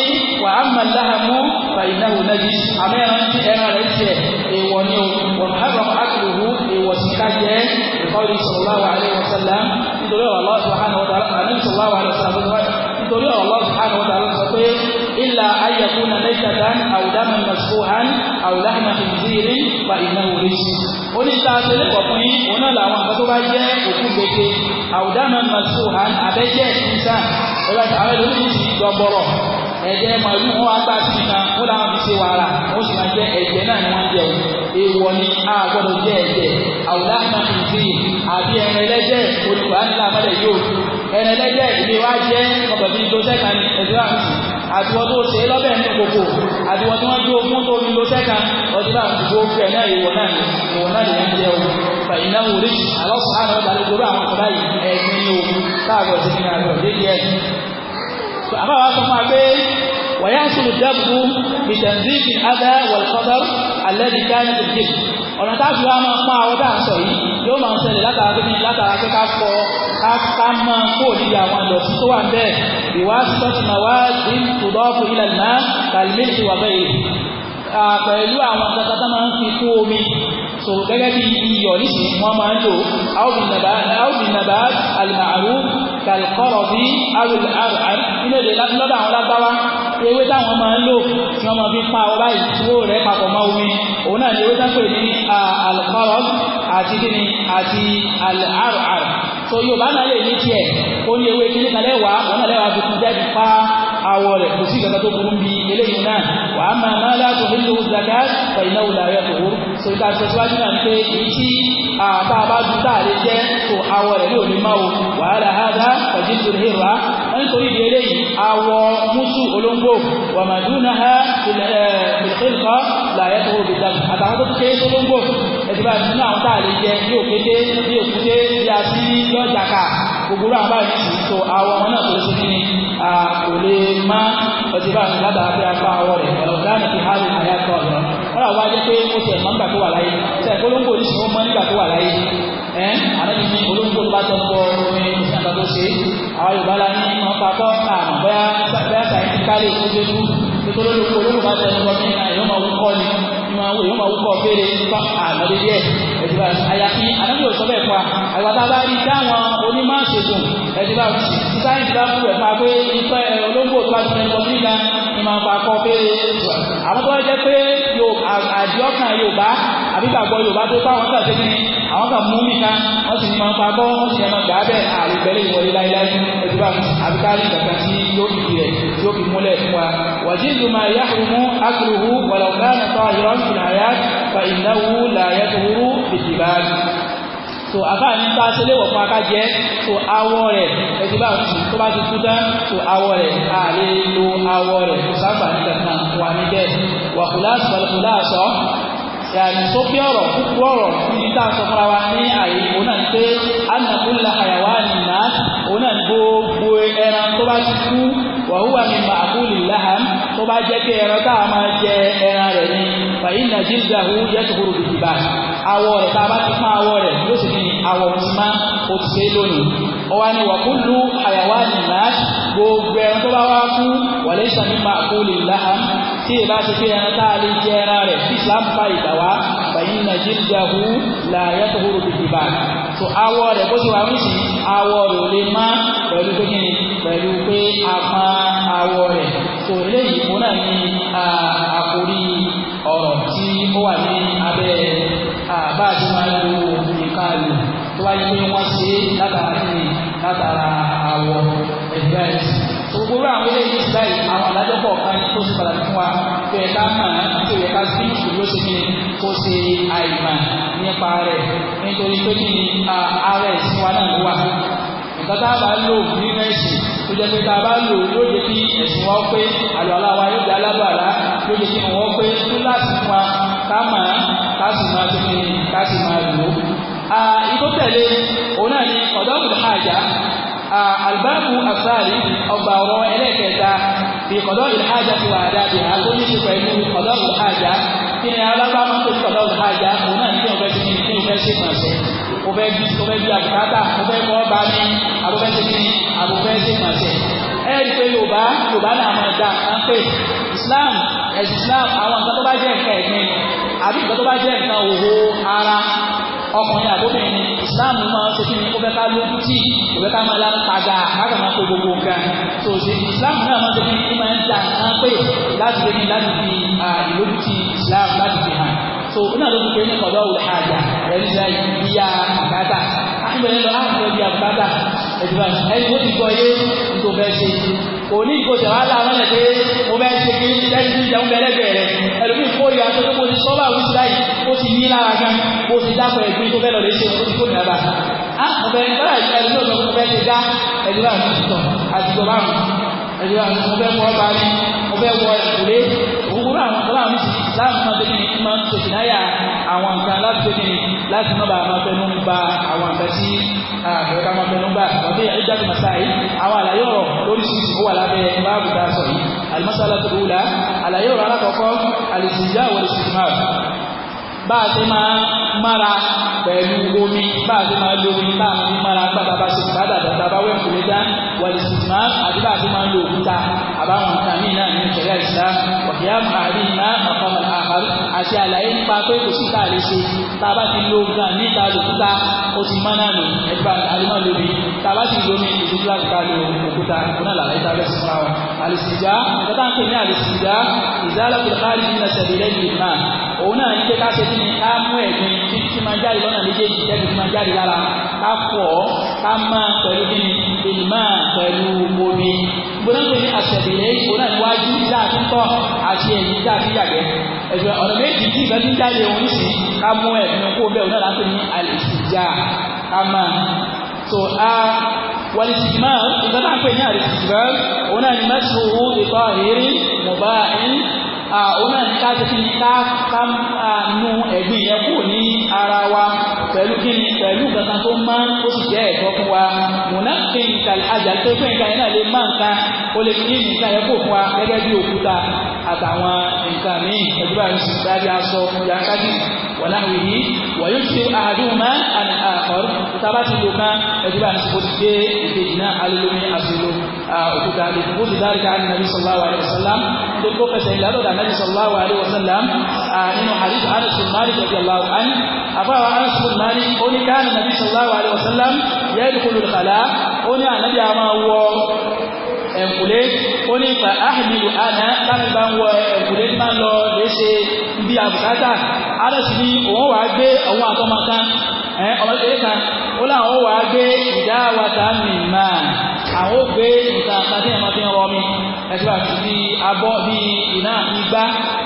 àmà láhàmú fàyínáwó lẹ́yìn àmọ́ ẹran tí ẹran rẹ̀ tiẹ̀ èèwọ̀ ni o wọ́n hàrọ̀ àkùrù èèwọ̀ sí ká jẹ́ ìkọ́lì sọ̀láwà àríwọ̀sálà nítorí Allah subhanahu wa ta'ala nítorí Allah subhanahu wa ta'ala sọ pé ilà ayẹ̀kúnà lẹ́sàdán àwùdámà masuhan àwùdámà ìdírí fàyínáwó lẹ́yìn ó ní ta ṣe lẹ́kọ̀ọ́ fún yín òun náà làwọn àgbà tó bá jẹ́ òkú gbèsè àwùdámà masuhan àbẹ́jẹ́ ìsàn ẹ̀rọ àwọn ẹ̀rọ ẹ̀jẹ̀ màálù wọn wá gbà sí kan wọn làwọn fi ṣe wàhálà wọn sì máa jẹ ẹ̀jẹ̀ náà ni wọ́n jẹ èèwọ̀ ni a gbọ́dọ̀ jẹ ẹ̀jẹ̀ àwùdá náà fi sí àbí ẹran ẹlẹ́jẹ̀ olùkọ́ àdìlà mọ́lẹ̀ yóò ẹran ẹlẹ́jẹ̀ ìdè wá jẹ́ ọ̀pọ̀ bíi dosẹ́ka ni ẹ̀jẹ̀ wà sí àtiwọ́ tó ṣe lọ́bẹ̀ ní gbogbo àtiwọ́ tí wọ́n jó fún tó ní lọ́sẹ́ka ọdún náà ti gbó fẹ́ náà ìwọ̀ náà ni ìwọ̀ náà lè ń jẹ́ o fàyínà wòlíì àlọ́sàn án náà wọ́n darí gbogbo àwọn ọ̀dà yìí ẹ̀ẹ́dínlẹ́ káàbọ̀ sí ní àgbọ̀ dédé ẹ̀sìn àbáwá sọ fún wa pé wàyà sùn dábùú bìtẹ̀nzíìsì adá wọ̀lùkọ́dọ̀ alẹ́ ní káyọ̀ tó dé ọ̀nà táàbù wa máa pọ́n àwọn tá à ń sọ yìí yóò máa ń ṣẹlẹ̀ látara pé ní látara pé ká fọ ká máa kó òdìdí àwọn ìdọ̀tí tó wà bẹ́ẹ̀ ìwà sọ́ọ̀tì wá dín tùdọ́ọ̀fù ilẹ̀ náà kàlímẹ́tì wà bẹ́ẹ̀ pẹ̀lú àwọn kankan máa ń fi kú omi so gẹ́gẹ́ bí iyọ̀ nísìnyí wọ́n máa ń lò áwùdìnàbà alìmàrú kàlùkọ́rọ̀bí àrùn nínú èdè lọ́dọ̀ àwọn lágbáwá ewé táwọn máa ń lò tí wọ́n máa fi pa ọba ìtúwò rẹ̀ papọ̀ mọ́ omi òun náà ni ewé tá pè ní alùkọ́rọ̀ àti kíni àti àrùn so Yorùbá náà lè ní tiẹ̀ ó ní ewé kíní kan lẹ́wàá òun náà lẹ́wàá fi kún jáde pa àwọ̀ rẹ̀ kò sí ìgbàgbọ́ tó burú bí eléyìí náà wàá máa máa láàtò nílò zaka fàyínà òlàyà tó wó so ìta tẹ̀síwájú náà pé èyí tí àbá bá ju tá a lè jẹ́ tó àwọ̀ rẹ̀ yóò ní máa wò wàhálà hádà ọ̀jìn tó lè rà wọ́n ní torí ìdílé yìí àwọ̀ mùsù olóńgbò wàmàdúnà ha ìlẹ̀kẹ́lẹ̀kọ́ làyẹ̀ tó wò bìtà àtàwọn tó ké olóńgbò ẹ̀sìn bá nínú tá a lè jẹ bí òkété bí òkúté bí a sí gbogbo rẹ̀ àbáyé ní sùn so àwọn ọmọ náà kò sí ní kò lè má ọtí bá mi lábàá bí apá àwọ̀ rẹ̀ ọ̀rọ̀ dáàmì ti hálì àyà kọ̀ ọ̀rọ̀ wọ́n làwọn wá jẹ́ pé ó ti ẹ̀mọ́ nígbà tó wà láyé ṣe ìpolongo ní sùn ó mọ́ nígbà tó wà láyé ẹ̀ àlejò ní olóńgbò tó bá tọ́ ń bọ orin ìsìnkà tó ṣe àwọn Yorùbá la ní wọn pa kọ́ àmọ́ bóyá sáyẹ́ntìkálì ó dé tú nítorí olóńgbò olóńgbò bá tọ́ ń bọ mí ẹ̀dí bá àyàfi ànábì òsọ bẹ́ẹ̀ pa àgbà tá a bá rí dáwọn onímọ̀ ṣègùn ẹ̀dí bá sáyẹ̀nsì bá fún ẹ̀ pa pé ìfẹ́ olóńgbò tó bá ti rẹ̀ lọ́dún ìlà ni máa pa kọ́ pé àwọn tó bá jẹ́ pé àdìọ́kàn Yorùbá àbí Yorùbá tó pa àwọn kàṣẹ́ kí ni àwọn kan mú mi wọ́n sì máa pa bọ́ wọ́n sì máa gbà bẹ́ẹ̀ àrùbẹ́lẹ̀ ìwọlé láíláí ẹ̀dí bá àbí ká فإنه لا يطهر بالذباب so àfààní tá a ṣe léwọ̀ fún akájẹ́ so awọ rẹ̀ ẹtí bá ti tó bá ti kú tán so awọ rẹ̀ a lè lo awọ rẹ̀ kò sábà ní kankan wà ní bẹ́ẹ̀ wà kò láti wà kò láti sọ yàrá sókè ọ̀rọ̀ kúkú ọ̀rọ̀ níbi tá a sọ fúnra wa ní àyè òun náà ní pé anna kulla hayawanin òun náà ní gbogbo ẹran tó bá ti kú wàhúwà mi mà àkúlì láhàm tó bá jẹ́ pé ẹran tá a máa jẹ ẹran rẹ̀ ni fàyín nà jíjà hu yẹ kúrò bìbì bá awọ rẹ̀ tá a bá ti fún awọ rẹ̀ yóò sì ní awọ ti má o ti ṣe lónìí ọwọ́ ni wàkúlù àyàwá nìlá gbogbo ẹran tó bá wá fún wàlẹ́ sàmì mà àkúlì láhàm tí ìbá ti pé ẹran tá a lè jẹ ẹran rẹ̀ Islam fa ìgbà wá fàyín nà jíjà hu là yẹ kúrò bìbì bá awọ rẹ̀ bó ti wà ń sìn awọ rẹ̀ ò pẹ̀lú pé a pa awọ rẹ̀ tó léyìí òun náà ní àkórí ọ̀rọ̀ tí ó wà ní abẹ́ bá a ti máa ń lo nǹkan àlò tó bá yẹ pé wọ́n ṣe látara sí látara awọ ẹgbẹ́ gbogbo àwọn eléyìí báyìí àwọn adájọ́ kọ̀ọ̀kan tó ṣe pàtàkì fún wa tó ká mọ̀ tó yẹ ká sí ìṣòro ṣe ni kó ṣe àìmọ̀ nípa rẹ̀ nítorí pé kí ni ara ẹ̀sìn wa náà wà nǹkan tá a bá lò nínú ẹ̀sìn tó jẹ́ pé tá a bá lò yóò jẹ́ kí ẹ̀sìn wọn pé àlọ́ aláwa yóò jẹ́ alábàárà yóò jẹ́ kí wọ́n pé tó láti fún wa ká máa ká sì máa tó fi ká sì máa lò ó. ìtò tẹ̀lé òun náà ni ọ̀dọ́ kò máa jà àlùbáàbù àfáàrí ọgbà ọ̀rọ̀ ẹlẹ́kẹta bí kọ̀dọ̀ ìlhájà ti wà dáadé àtó ní ti pẹ̀lú kọ̀dọ̀ ìlhájà kí ni alábàámọ́ tó kọ̀dọ̀ ìlhájà òun náà ní kí wọ́n fẹ́ sí kí wọ́n fẹ́ sí ìgbọ̀nsẹ̀ o fẹ́ bí o fẹ́ bí àbùkátà o fẹ́ kọ́ bá mi àbúfẹ́ ṣe kí ni àbúfẹ́ ṣe màṣẹ. ẹ rí i pé Yorùbá Yorùbá náà máa da à Islam ẹ̀sìn Islam àwọn nǹkan tó bá jẹ́ nǹkan ẹ̀gbin àbí nǹkan tó bá jẹ́ nǹkan òwò ara ọkùnrin àbóbìnrin Islam máa ń ṣe kí ni ó fẹ́ ká ló ń tì ó fẹ́ ká máa lá padà káàkiri máa pe gbogbo nǹkan tó ṣe Islam náà máa ń ṣe kí ni ó máa ń láti ṣe ni láti fi Islam láti so náà ló ti pè ní kọ̀dọ̀ òwò àjà ẹni sọ ìyá àbáta àtúbẹ̀rẹ̀ lọ àtúbẹ̀ di àbáta ẹ̀dùbà ẹni tó ti gbọ́ yé nítò fẹ́ ṣe kò ní ìkọsẹ̀ wà láwọn ọ̀nà pé mo fẹ́ ṣe kí ẹni tí ìjà ń bẹ lẹ́gbẹ̀ẹ́ rẹ ẹlòmíì kó ìyá tó kó ti sọ́bà wí síláì ó ti ní lára gan bó ti dákọ̀ ẹ̀gbin tó fẹ́ lọ lè ṣe ó ti kó ní abà á mo fẹ́ bára ìjà ẹni tó lọ mo fẹ́ ṣe dá ẹ̀dùbà àtìgbọ̀ márùn ẹ̀dùbà mo fẹ́ wọ ọba gbogbo àwọn ọ̀gá àwọn ìsìn islam máa tẹ́lẹ̀ ní máa ń tẹ̀sí náyà àwọn nǹkan láti tẹ́lẹ̀ ní láti má bàa máa fẹnu ba àwọn nǹkan tí àgbẹ̀ká máa fẹnu gbà wọ́n bí ẹja tó máa sáà yìí àwọn àlàyé ọ̀rọ̀ lóríṣiríṣi ó wà lábẹ́ báàbù tá a sọ yìí àlùmọ́sálà tó wù lá àlàyé ọ̀rọ̀ alákọ̀ọ́kọ́ àlùsíyá wọ̀lùsíyá bá a ti máa mára pẹ̀lú omi bá a ti máa lo omi bá a ti mára gbàgbà bá a ti gbàdà bàbá wẹ̀ kúlé dá wàlìsìtìmá àti bá a ti máa lo òkúta àbáwọn nǹkan mí náà ní ìṣẹ̀lẹ̀ ìṣá wàkíyà màrí iná àkọ́mọ àhàrù àti àlàyé nípa pé kò sí táà lè ṣe tá a bá ti lo nǹkan ní ìta lòkúta ó ti mọ́ náà lò ẹgbẹ́ àdúmọ̀ lómi tá a bá ti lo omi ìdúró láti ta lo òkúta òun náà làlàyé tá a bẹ́ sí fúnra wa àlìsìjá ìjọba ń pè ní àlìsìjá ìjálàkùnrin òun náà ní pé ká ṣe kí ni ká mú ẹ̀gbin títí tí máa jáde lọ́nà méjèèjì tẹ́gbin tí máa jáde lára ká fọ̀ ọ́ ká má pẹ̀lú kí ni èyí máa pẹ̀lú omi. gbọ́dọ̀ pé ní àṣẹ̀bẹ̀rẹ̀ òun náà níwájú dáàtúntọ̀ àti ẹ̀yìn dáàtúyàgbẹ́ ẹ̀fẹ̀ ọ̀nà méjì tí ìgbẹ́ ti ń jáde òun sì ká mú ẹ̀gbin kó bẹ́ẹ̀ òun náà láti so a wàlìsìmáà náà pè ní àlèsìmáà òun náà ní mẹ́sàn-án ìtọ́ àrírí mọ̀bá Ah, òun náà ní ká ṣe kí ni ká ká nu ẹ̀gbin yẹn kúrò ní ara wa pẹ̀lú kí ni pẹ̀lú kankan tó máa ń ó sì jẹ́ ẹ̀tọ́ fún wa mùnà kí n kàlẹ́ àjà tó fún ìka yẹn náà lè má nǹkan ó lè kí nǹkan yẹn kó fún wa gẹ́gẹ́ bí òkúta àtàwọn nǹkan míì ẹgbẹ́ bá ń sùn dábí aṣọ yankájú wọ̀láwì yìí wọ̀nyí ti àdúmọ̀ àti àkọ́rù tábà ti lò kan ẹgbẹ́ bá ń sùn kóti dé ìkejì náà alólómi àtúlò òkúta lè kó ti dárí káàdì nàbí sallallahu alaihi wasallam tó kó fẹsẹ̀ ìlàlọ́dà nàbí sallallahu alaihi wasallam nínú hadith Anas bin Malik radiyallahu anhu àbáwá Anas bin Malik nàbí sallallahu alaihi wasallam yadkhulul khala ẹ̀kùlé ó ní ìfà áhìlú àná láti bá ń wọ ẹ̀kùlé máa ń lọ lè ibi àbùkátà adẹ́sì ni òun wàá gbé òun àtọ́mọ kan ọmọ kékeré kan ó láwọn wàá gbé ìdá wata mìíràn àwọn ò gbé nǹkan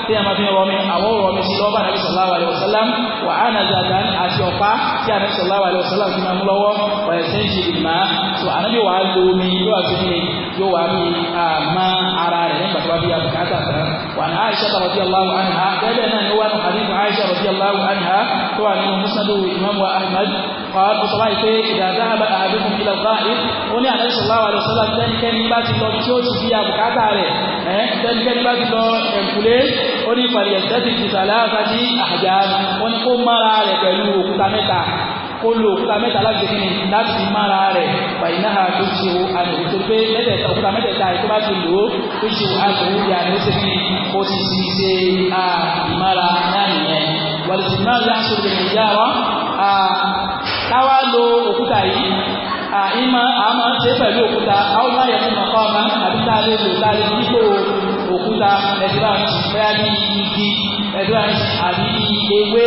tí a máa fi rọmi àwọn rọmi sí lọ́wọ́ ànábì sallallahu alaihi wasallam wà á nà zàdán àti ọ̀pá tí ànábì sallallahu alaihi wasallam fi máa mú lọ́wọ́ wà ẹ̀ sẹ́ńtì ìgbà tó ànábì wà á lo omi yóò wá fi yóò wá fi àmà ara rẹ̀ nígbà tó wá fi àbùkátà kan wà ní Aisha radiyallahu anha bẹ́ẹ̀ náà ni wọ́n àdínkù Aisha radiyallahu anha tó wà nínú musnadu imam wa Ahmad قال وصلاه اذا ذهب احدكم الى الغائب وني عليه الصلاه والسلام كان كان باتي لو تشوتي بيا بكاتا ري eh كان كان باتي لو انكولي ó ní fàlìyẹ̀sẹ́sì ti sàlẹ́àfà tí àjà ó ní kó mára rẹ̀ pẹ̀lú òkúta mẹ́ta kó lo òkúta mẹ́ta láti fi láti mára rẹ̀ pàìnáhà tó ti wo àdùn tó pé mẹ́tẹ̀ẹ̀ta òkúta mẹ́tẹ̀ẹ̀ta tó bá ti lò ó tó ti wo àdùn ìyá ni ó ti fi ó ti ti ṣe àmàrà náà nìyẹn wàlùsì náà láti ṣe ìyá wa táwa lo òkúta yìí àìmọ̀ àmọ́ ṣe pẹ̀lú òkúta àwọn máa yẹ òkúta ẹ̀dùbà bẹ́ẹ̀ bí igi ẹ̀dùbà àbí ewé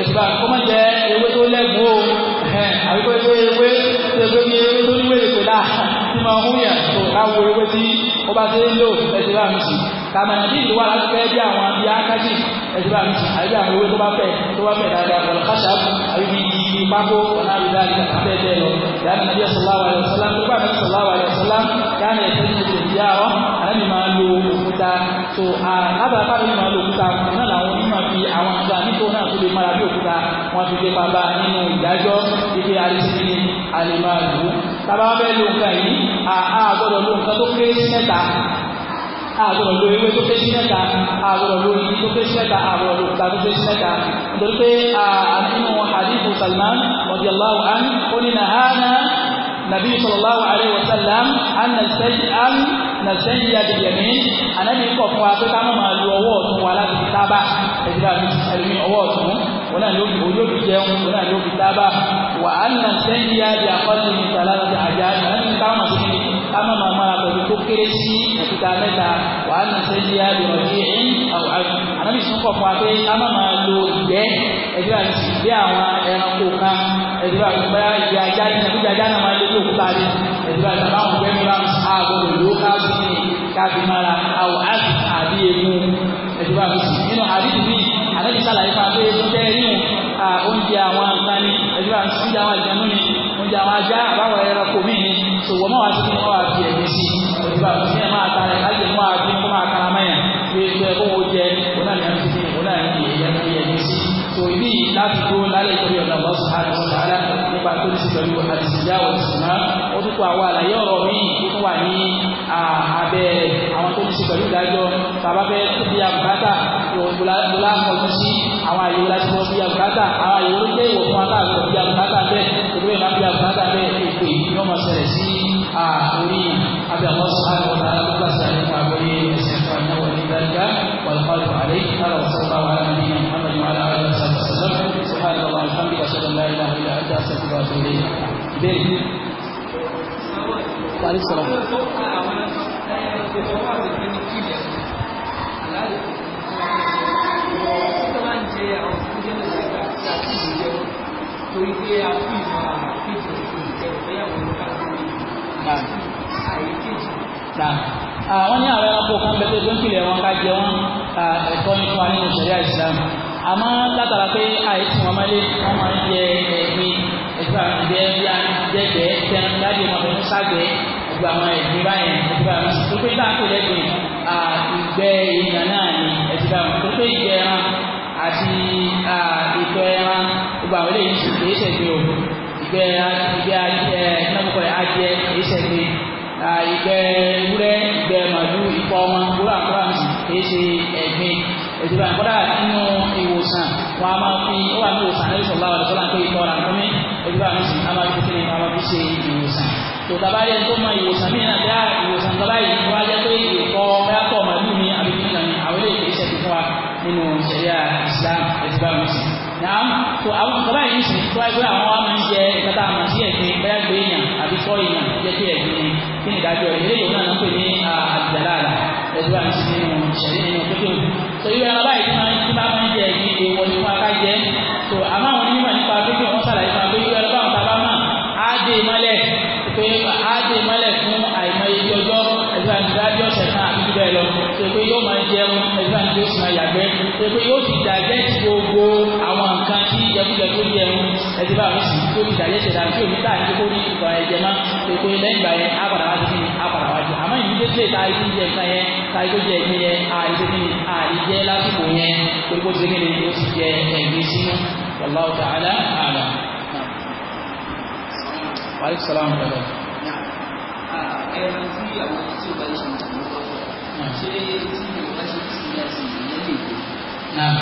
ẹ̀dùbà kó má jẹ́ ewé tó lẹ́gbọ́ àbí kó ewé ewé tó ewé bí ewé tó níwèé èkó dà tí máa hún yàn tó káwọ ewé tí ó bá ti ń lò ẹ̀dùbà mi sì kàmàlà bí ìlú wa láti fẹ́ bí àwọn abiyá kájì ẹ̀sìn bá mi àbí àwọn ewé tó bá fẹ̀ tó bá fẹ̀ dáadáa wọ̀lọ̀ káṣá àbí bí ibi pákó ọ̀nà àbídá àbẹ́ bẹ́ẹ̀ lọ ìdáná nàbí sallallahu alaihi wasallam tó bá mi sallallahu alaihi wasallam dáná ẹ̀sẹ̀ ní ìṣẹ̀lẹ̀ ìyá ọ àlámi máa lo òkúta tó àlábàá tábìlì máa lo òkúta náà làwọn onímọ̀ fi àwọn àgbà nítorí náà tó lè mára bí òkúta wọn fi dé pàbá nínú ìdájọ́ ibi àrísí ní àlè máa lò tábà bẹ́ẹ̀ lo nǹkan yìí àá gbọ́dọ̀ lo nǹkan tó kéré sí mẹ́ta àgbọ̀rọ̀ lo ewé tó pé sí mẹ́ta àgbọ̀rọ̀ lo igi tó pé sí mẹ́ta àgbọ̀rọ̀ lo òkúta tó pé sí mẹ́ta nítorí pé àmínú hadithu Salman radiyallahu an ó ní nahana nabi sallallahu alayhi wa sallam an nasẹ́yì an nasẹ́yì adìyẹ̀mí anabi kọ̀ fún wa pé ká má máa lo ọwọ́ ọ̀tún wa láti fi tábà ẹ̀dínlá ẹ̀mí ọwọ́ ọ̀tún wọn náà lóbi olóbi jẹun wọn náà lóbi tábà wà á nà sẹ́yì adìyẹ̀ akọ́sí ama má máa máa pẹ̀lú tó kéré sí òkúta mẹ́ta wàá nà sẹ́yìn yá lọ sí ẹ̀yìn àwọn ànábì sún kọ̀ fún wa pé ká má máa lo ìgbẹ́ ẹ̀dí wa ti gbé àwọn ẹranko kan ẹ̀dí wa ti bá ìyá ajá ní ẹ̀dí ajá náà máa lé ní òkúta rí ẹ̀dí wa ti bá àwọn ọ̀gbẹ́ mi wá àgọ́dọ̀ ló ká fi ní ká fi mára àwọn àti àbí emu ẹ̀dí wa ti nínú àdìdì mi ànábì sàlàyé fún wa pé ó jẹ́ inú oúnjẹ àwọn nǹkan ni ẹ̀dí wa oúnjẹ àwọn àjẹmú ni ah, so wọ́n máa wá sí kíni wọ́n wá fi ẹ̀mí sí òdìbà òsì ẹ̀ máa ta ẹ̀ ká lè mú àbí kó máa kára mẹ́yà pé ẹ kó wo jẹ òun náà ní ẹ̀mí sí kíni òun náà ní ẹ̀mí sí ẹ̀mí sí so ibi láti dúró lálẹ́ ìtọ́jú ọ̀dà Allah subhanahu wa ta'ala nípa tó ní sí pẹ̀lú àdìsíyá òsìmá ó tún kó àwọn àlàyé ọ̀rọ̀ míì tó tún wà ní abẹ́ àwọn tó ní sí pẹ̀lú ìdájọ́ tàbá fẹ́ bí abùkátà lọ́lá kọjú sí àwọn àyèwò láti mọ bí abùkátà àwọn àyèwò ló gbé ìwòsàn àtàwọn bí abùkátà bẹ́ẹ̀ torí ẹ̀ lábẹ́ àbúrádà bẹ́ẹ̀ ètò yìí yọ́ máa ṣẹlẹ̀ sí àórí abẹ́ àwọn sọ́hánù ọ̀la lọ́gbà sí àyẹ̀wò àgbọ̀yé ẹ̀sìn fún àyẹ̀wò ní dáríga wàlúwàlú àlẹ́ ìkàlà ọ̀sán bá wà ní muhammad Thank you torí pé a fi ìjọba àkejì ìjẹ̀bẹ̀yàwó nípa àìkejì. wọ́n ní àwọn ẹranko kan bẹ́tẹ̀ tó ń kìlẹ̀ wọn ká jẹ wọn ẹ̀tọ́ nípa nínú ìṣẹ̀lẹ̀ Islam àmọ́ látara pé àìsàn wọn máa lé wọn máa ń jẹ ẹ̀gbin ẹ̀gbin àwọn ìjẹ́ bí a jẹ́gbẹ́ tẹnu dájú wọn fẹ́ ságbẹ́ ẹ̀gbin àwọn ẹ̀gbin báyẹn ẹ̀gbin àwọn ìṣẹ̀lẹ̀ tó pé táà kò lẹ́gbẹ̀ẹ́ ìgbẹ́ ìyàn náà ni ẹ̀gbin àwọn tó pé ìgbẹ́ ẹran àti ìtọ̀ ẹran gbogbo àwọn eléyìí sì kìí ṣẹ̀gbẹ́ o ìgbẹ́ ìgbẹ́ ẹ nínàmúkọ ẹ adìẹ kìí ṣẹ̀gbẹ́ ìgbẹ́ ewúrẹ́ ìgbẹ́ màlúù ìkọ́ wọn gbogbo àwọn kúrò àmì kìí ṣe ẹ̀gbin ètùbà ìkọ́dà nínú ìwòsàn wọn a máa fi ó wà ní ìwòsàn lórí sọ̀rọ̀ àwọn ìṣọ́lá pé ìtọ̀ ràn fúnmi ètùbà àmì sì a máa fi kékeré a máa fi ṣe ìwòsàn tó tàbá yẹ tó mọ ìwòsàn mí náà ìwòsàn tàbá yìí wọ́n á jẹ́ pé ìkọ́ bẹ́ẹ̀ tọ̀ màlúù ni àbí nínú ṣẹ̀ríà Islam ẹ̀sìn bá wọn sí. náà tó àwọn bàbá yìí sì tó ẹgbẹ́ àwọn wa máa ń jẹ ìkàtà àmọ́ sí ẹ̀gbin bẹ́ẹ̀ gbé èèyàn àbí fọ́ èèyàn jẹ́ kí ẹ̀gbin ni kí ni ìdájọ́ rẹ̀ eléyìí náà ń pè ní àdìdàlára ẹ̀sìn bá wọn sí nínú ṣẹ̀rí nínú kókó. tó ìwé bàbá yìí tí máa ń jẹ ẹ̀gbin èèwọ̀ ni wọn ká jẹ tó àmọ́ àwọn onímọ̀ nípa pé kí wọ́n sàlàyé máa pé ìwé bàbá wọn tàbá máa á dé mọ́lẹ̀ pé á pé yóò máa jẹun ẹgbẹ́ àti yóò sì máa yàgbẹ́ tó pé yóò ti digest gbogbo àwọn nǹkan tí jẹkújẹ tó jẹun ẹtí bá mi sì tó ti digest ẹ̀dá tí omi tà ní kó ní ìgbà ẹ̀jẹ̀ má tó pé lẹ́yìn ìgbà yẹn àbàrà wá sí àbàrà wá jẹ àmọ́ ìlú dédé ta ìlú jẹ nǹkan yẹn ta ìlú jẹ ẹ̀jẹ̀ yẹn àìjẹ kí ni àìjẹ lásìkò yẹn torí kó ti kí ni ó ti jẹ ẹ̀jẹ̀ sínú wallahu ta'ala a'lam. wàhálà sàlámù alaykum. Ah, ẹ̀rọ tí àwọn tí ó bá yẹ ṣé tí yorùbá ṣe ti ṣe àṣì ìyẹn lè gbé. náà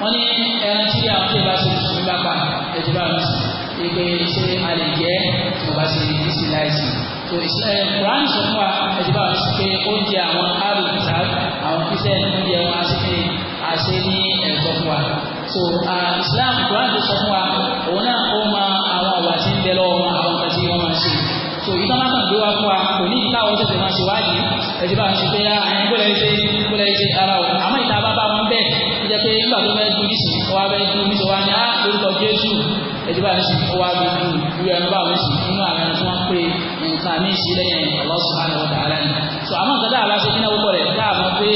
wọ́n ní ẹran tí àwọn tó bá ṣe tuntun bá pa ẹjọ́ bá lọ sí i pé ṣé a lè jẹ́ tó bá ṣe ní sí láìsí. tó Quran sọ fún wa ẹjọ́ bá lọ sí pé oúnjẹ àwọn arúgbìtà àwọn kristian oúnjẹ wọn aṣèké àṣẹ ní ẹ̀kọ́ fún wa. so Islam Quran sọ fún wa òun náà ó máa àwọn àwàtí ń bẹ lọ́wọ́ àwọn kan tí wọ́n máa ṣe. so ìtàn máa gbé wa fún wa kò ní ìtàwọ́ tẹ̀sẹ̀ ẹ̀sìn bá ń ṣe pé àyìn ah, kó lẹ́yìn ṣe kó lẹ́yìn ṣe ara o àmọ́ ìta bá bá wọn bẹ́ẹ̀ ó jẹ́ pé nígbà tó fẹ́ dúró sí wa fẹ́ dúró sí wa ní á ah, lórúkọ Jésù ẹ̀sìn bá ń ṣe kó wa bí dùn irú ẹran bá wọn sì nínú àwọn tí wọ́n pè nǹkan mí sí lẹ́yìn Allah subhanahu wa ta'ala ni. sọ àmọ́ nǹkan tá a bá ṣe nínú àkókò rẹ̀ tá a mọ̀ pé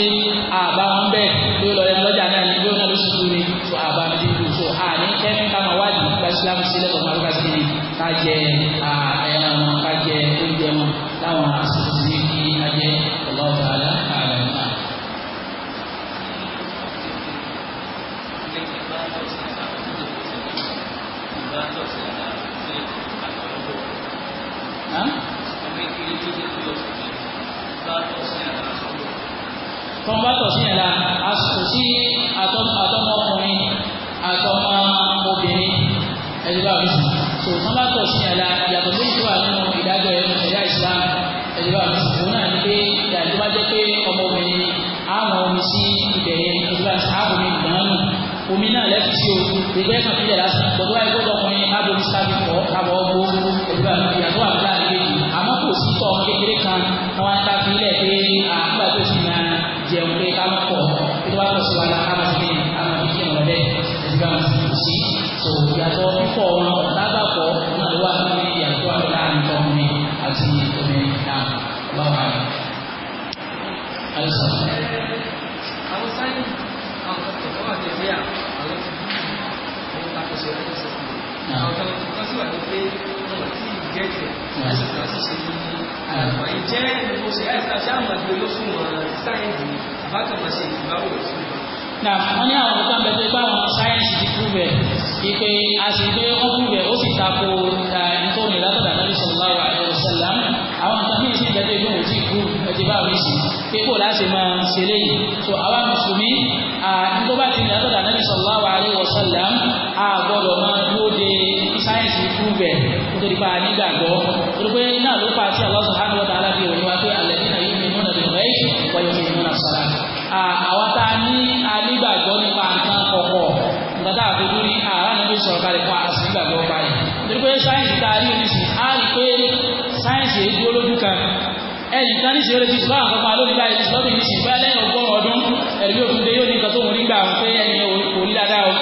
ní ṣe retí islam fún ma lórí báyìí islam ní ṣe bá lẹ́yìn ọgbọ́n ọdún ẹ̀rí òfin dé yóò ní nǹkan tó ń rí gbà wọn pé ẹni kò rí dáadáa o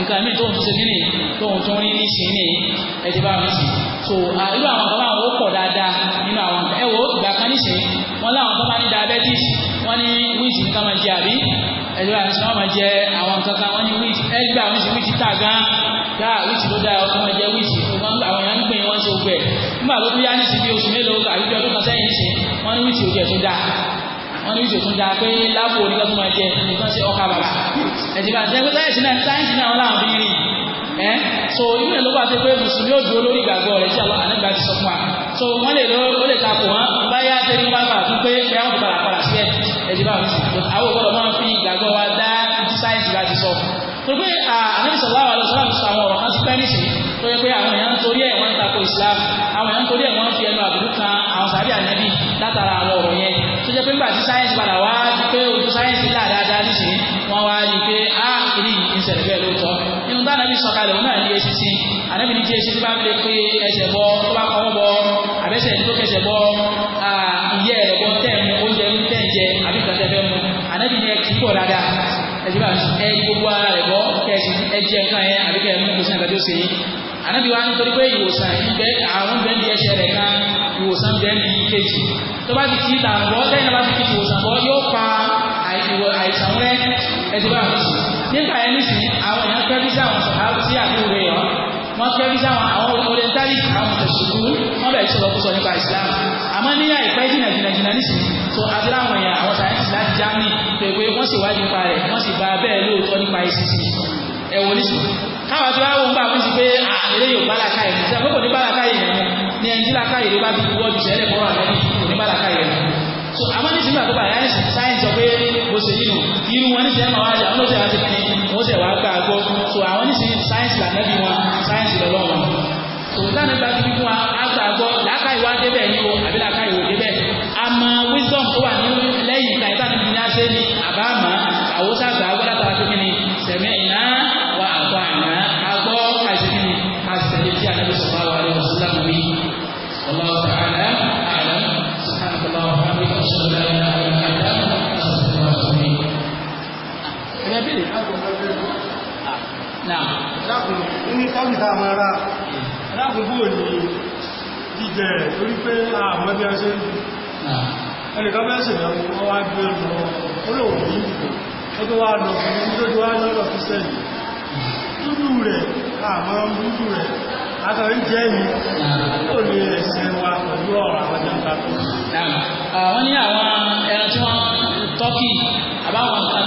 nǹkan míì tó ń ṣe nínú tóun tó ń rí ní ṣe ní ẹtí bá wọn sí so irú àwọn kan máa ń wọ́pọ̀ dáadáa nínú àwọn ẹ wo ìgbà kan ní ṣe wọn láwọn kan máa ní diabetes wọn ní wíìtì nǹkan máa jẹ àbí ẹtí bá wọn sí wọn máa jẹ àwọn nǹkan kan wọn ní wíìtì ẹ gbà wọn sí wíìtì tà gan dáa wíìtì ló dáa ọkọ máa jẹ wíìtì àwọn èèyàn ń pè wọn ṣe ògbẹ nígbà tó tó yá ní sí oṣù mélòó àbí bí ọdún kan sẹ́yìn ní sí ní wíìtì òjì ẹ̀tún dáa wọ́n ní wíìtì òtún dáa pé láàbù oníkan tó máa jẹ nǹkan ṣe ọkà bàbà ẹ̀jẹ̀ bá ṣe sáyẹ̀nsì náà sáyẹ̀nsì náà wọ́n làwọn fi rìn ẹ́ so inú ẹ̀ ló bá ṣe pé mùsùlùmí ò dúró lórí ìgbàgbọ́ rẹ̀ tí àwọn àlẹ́gbà ti sọ fún wa so wọ́n lè lọ ó lè takò wọ́n báyà ṣe ní wàhálà fún pé pé àwọn ìbára padà sí ẹ̀ ẹ̀jẹ̀ bá àwọn ògbọ́dọ̀ máa ń fi ìgbàgbọ́ wa dá sáyẹ̀nsì bá ti sọ. torí pé àlẹ́ sọ̀rọ̀ àwọn àlọ́ sọ̀rọ̀ àwọn ọ̀rọ̀ kan ti pẹ́ níṣẹ́ tó yẹ pé àwọn èèyàn ń torí ẹ̀ wọ́n ń tako Islam àwọn èèyàn ń torí ẹ̀ wọ́n ń fi ẹnu àbùkù kan àwọn sàbí ànábì látara àwọn ọ̀rọ̀ yẹn tó jẹ́ pé nígbà tí sáyẹ́nsì padà wá di pé ojú sáyẹ́nsì là dáadáa nísìnyí wọ́n wá di pé a kiri ìṣẹ̀lẹ̀ bẹ́ẹ̀ lóòótọ́ inú tá ànábì sọ̀kalẹ̀ òun náà ní esi sí ànábì ní tí esi bá ń lè pé ẹsẹ̀ bọ́ tó bá kọ́ bọ́ àbẹ́sẹ̀ tó kẹsẹ̀ bọ́ ìyẹ́ rẹ̀ bọ́ tẹ̀ mú oúnjẹ mú tẹ̀ jẹ àbí ìgbàsẹ̀ fẹ́ mú ànábì ní ẹ kí pọ̀ dáadáa ẹ̀jẹ̀ bá ẹ gbogbo ara rẹ̀ bọ́ kẹsì ẹ jẹ nǹkan yẹn àbí kẹ́ mú kò sí àgbàdo ṣe yìí ànábì wa nítorí pé ìwòsàn ìbẹ́ àwọn bẹ́ẹ̀ di ẹsẹ̀ rẹ̀ kan ìwòsàn bẹ́ẹ̀ di kejì tó bá ti ti tààrùn bọ́ lẹ́yìn náà bá ti ti ìwòsàn bọ́ yóò pa àìsàn rẹ ẹtì bá wọn sùn nígbà yẹn nísìnyí àwọn èèyàn fẹ́ fíṣà àwọn sàkáàbù sí àbúrò rẹ yọ wọn fẹ́ fíṣà àwọn orientalist àwọn tẹ̀sùkú wọn bẹ̀rẹ̀ sọ̀rọ̀ kúsọ nípa Islam àmọ́ ní àìpẹ́ jìnnà jìnnà jìnnà nísìnyí tó abúlé àwọn èèyàn àwọn sáyẹ́nsì láti Germany pé pé wọ́n sì wájú nípa rẹ̀ wọ́n sì bá bẹ́ẹ̀ lóòótọ́ nípa ìsìsì ẹ̀wọ̀n nísìnyí káwọn ti wá wọn gbà fún ti pé eré yóò bá làkà yìí sẹ́wọ́n kò ní bá làkà yìí yẹn ní ẹni tí làkà ló bá fi wọ́n ju sẹ́lẹ̀ mọ́ra rẹ̀ kò ní bá làkà yẹn. so àmọ́ ní sinmi àgbà yẹn sáyẹn sọ pé mo ṣe yìí nù irú wọn ní sẹ́yìn máa wá jà wọn ló ṣe wá ti kí wọn ṣe wá gbà gbọ́ so àwọn ní sinmi sáyẹnsì lànàbí wọn sáyẹnsì lọ́wọ́ wọn. so táwọn bá fi fún wa àgbà gbọ́ làkà sallallahu alaihi wasallam wí wallahu ta'ala a'lam subhanallahi wa bihamdihi ashhadu an la ilaha illa anta astaghfiruka wa atubu ilayk. ẹ̀rẹ́ bèrè. náà. dákun ní sábì tá a máa ra dákun bó ni jíjẹ rẹ̀ torí pé àmọ́ bí a ṣe ń dùn. ẹnìkan bẹ́ẹ̀ ṣèlérí wọ́n wá gbé e lọ olóòwò yìí ó tó wá lọ fún un tó tó wá lọ́lọ́ fi látọ̀rí jẹ́ mi tó lè ṣe wa pẹ̀lú ọ̀rọ̀ àwọn jẹ́ǹkà ah, tó. ní àwọn ẹran tí wọ́n tọ́kì àbáwọn nǹkan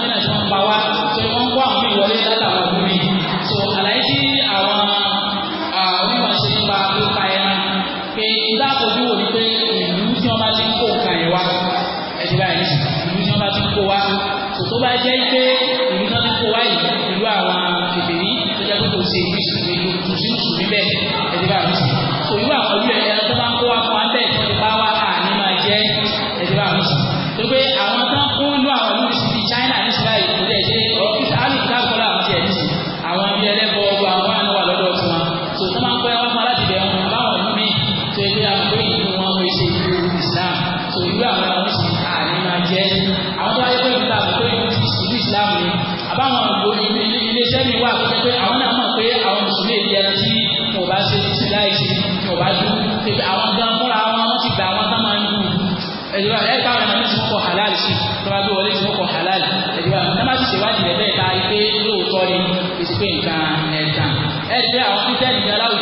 pé nǹkan ẹ̀tàn ẹ̀ ṣe àwọn kírísítẹ́nì ní aláwùjọ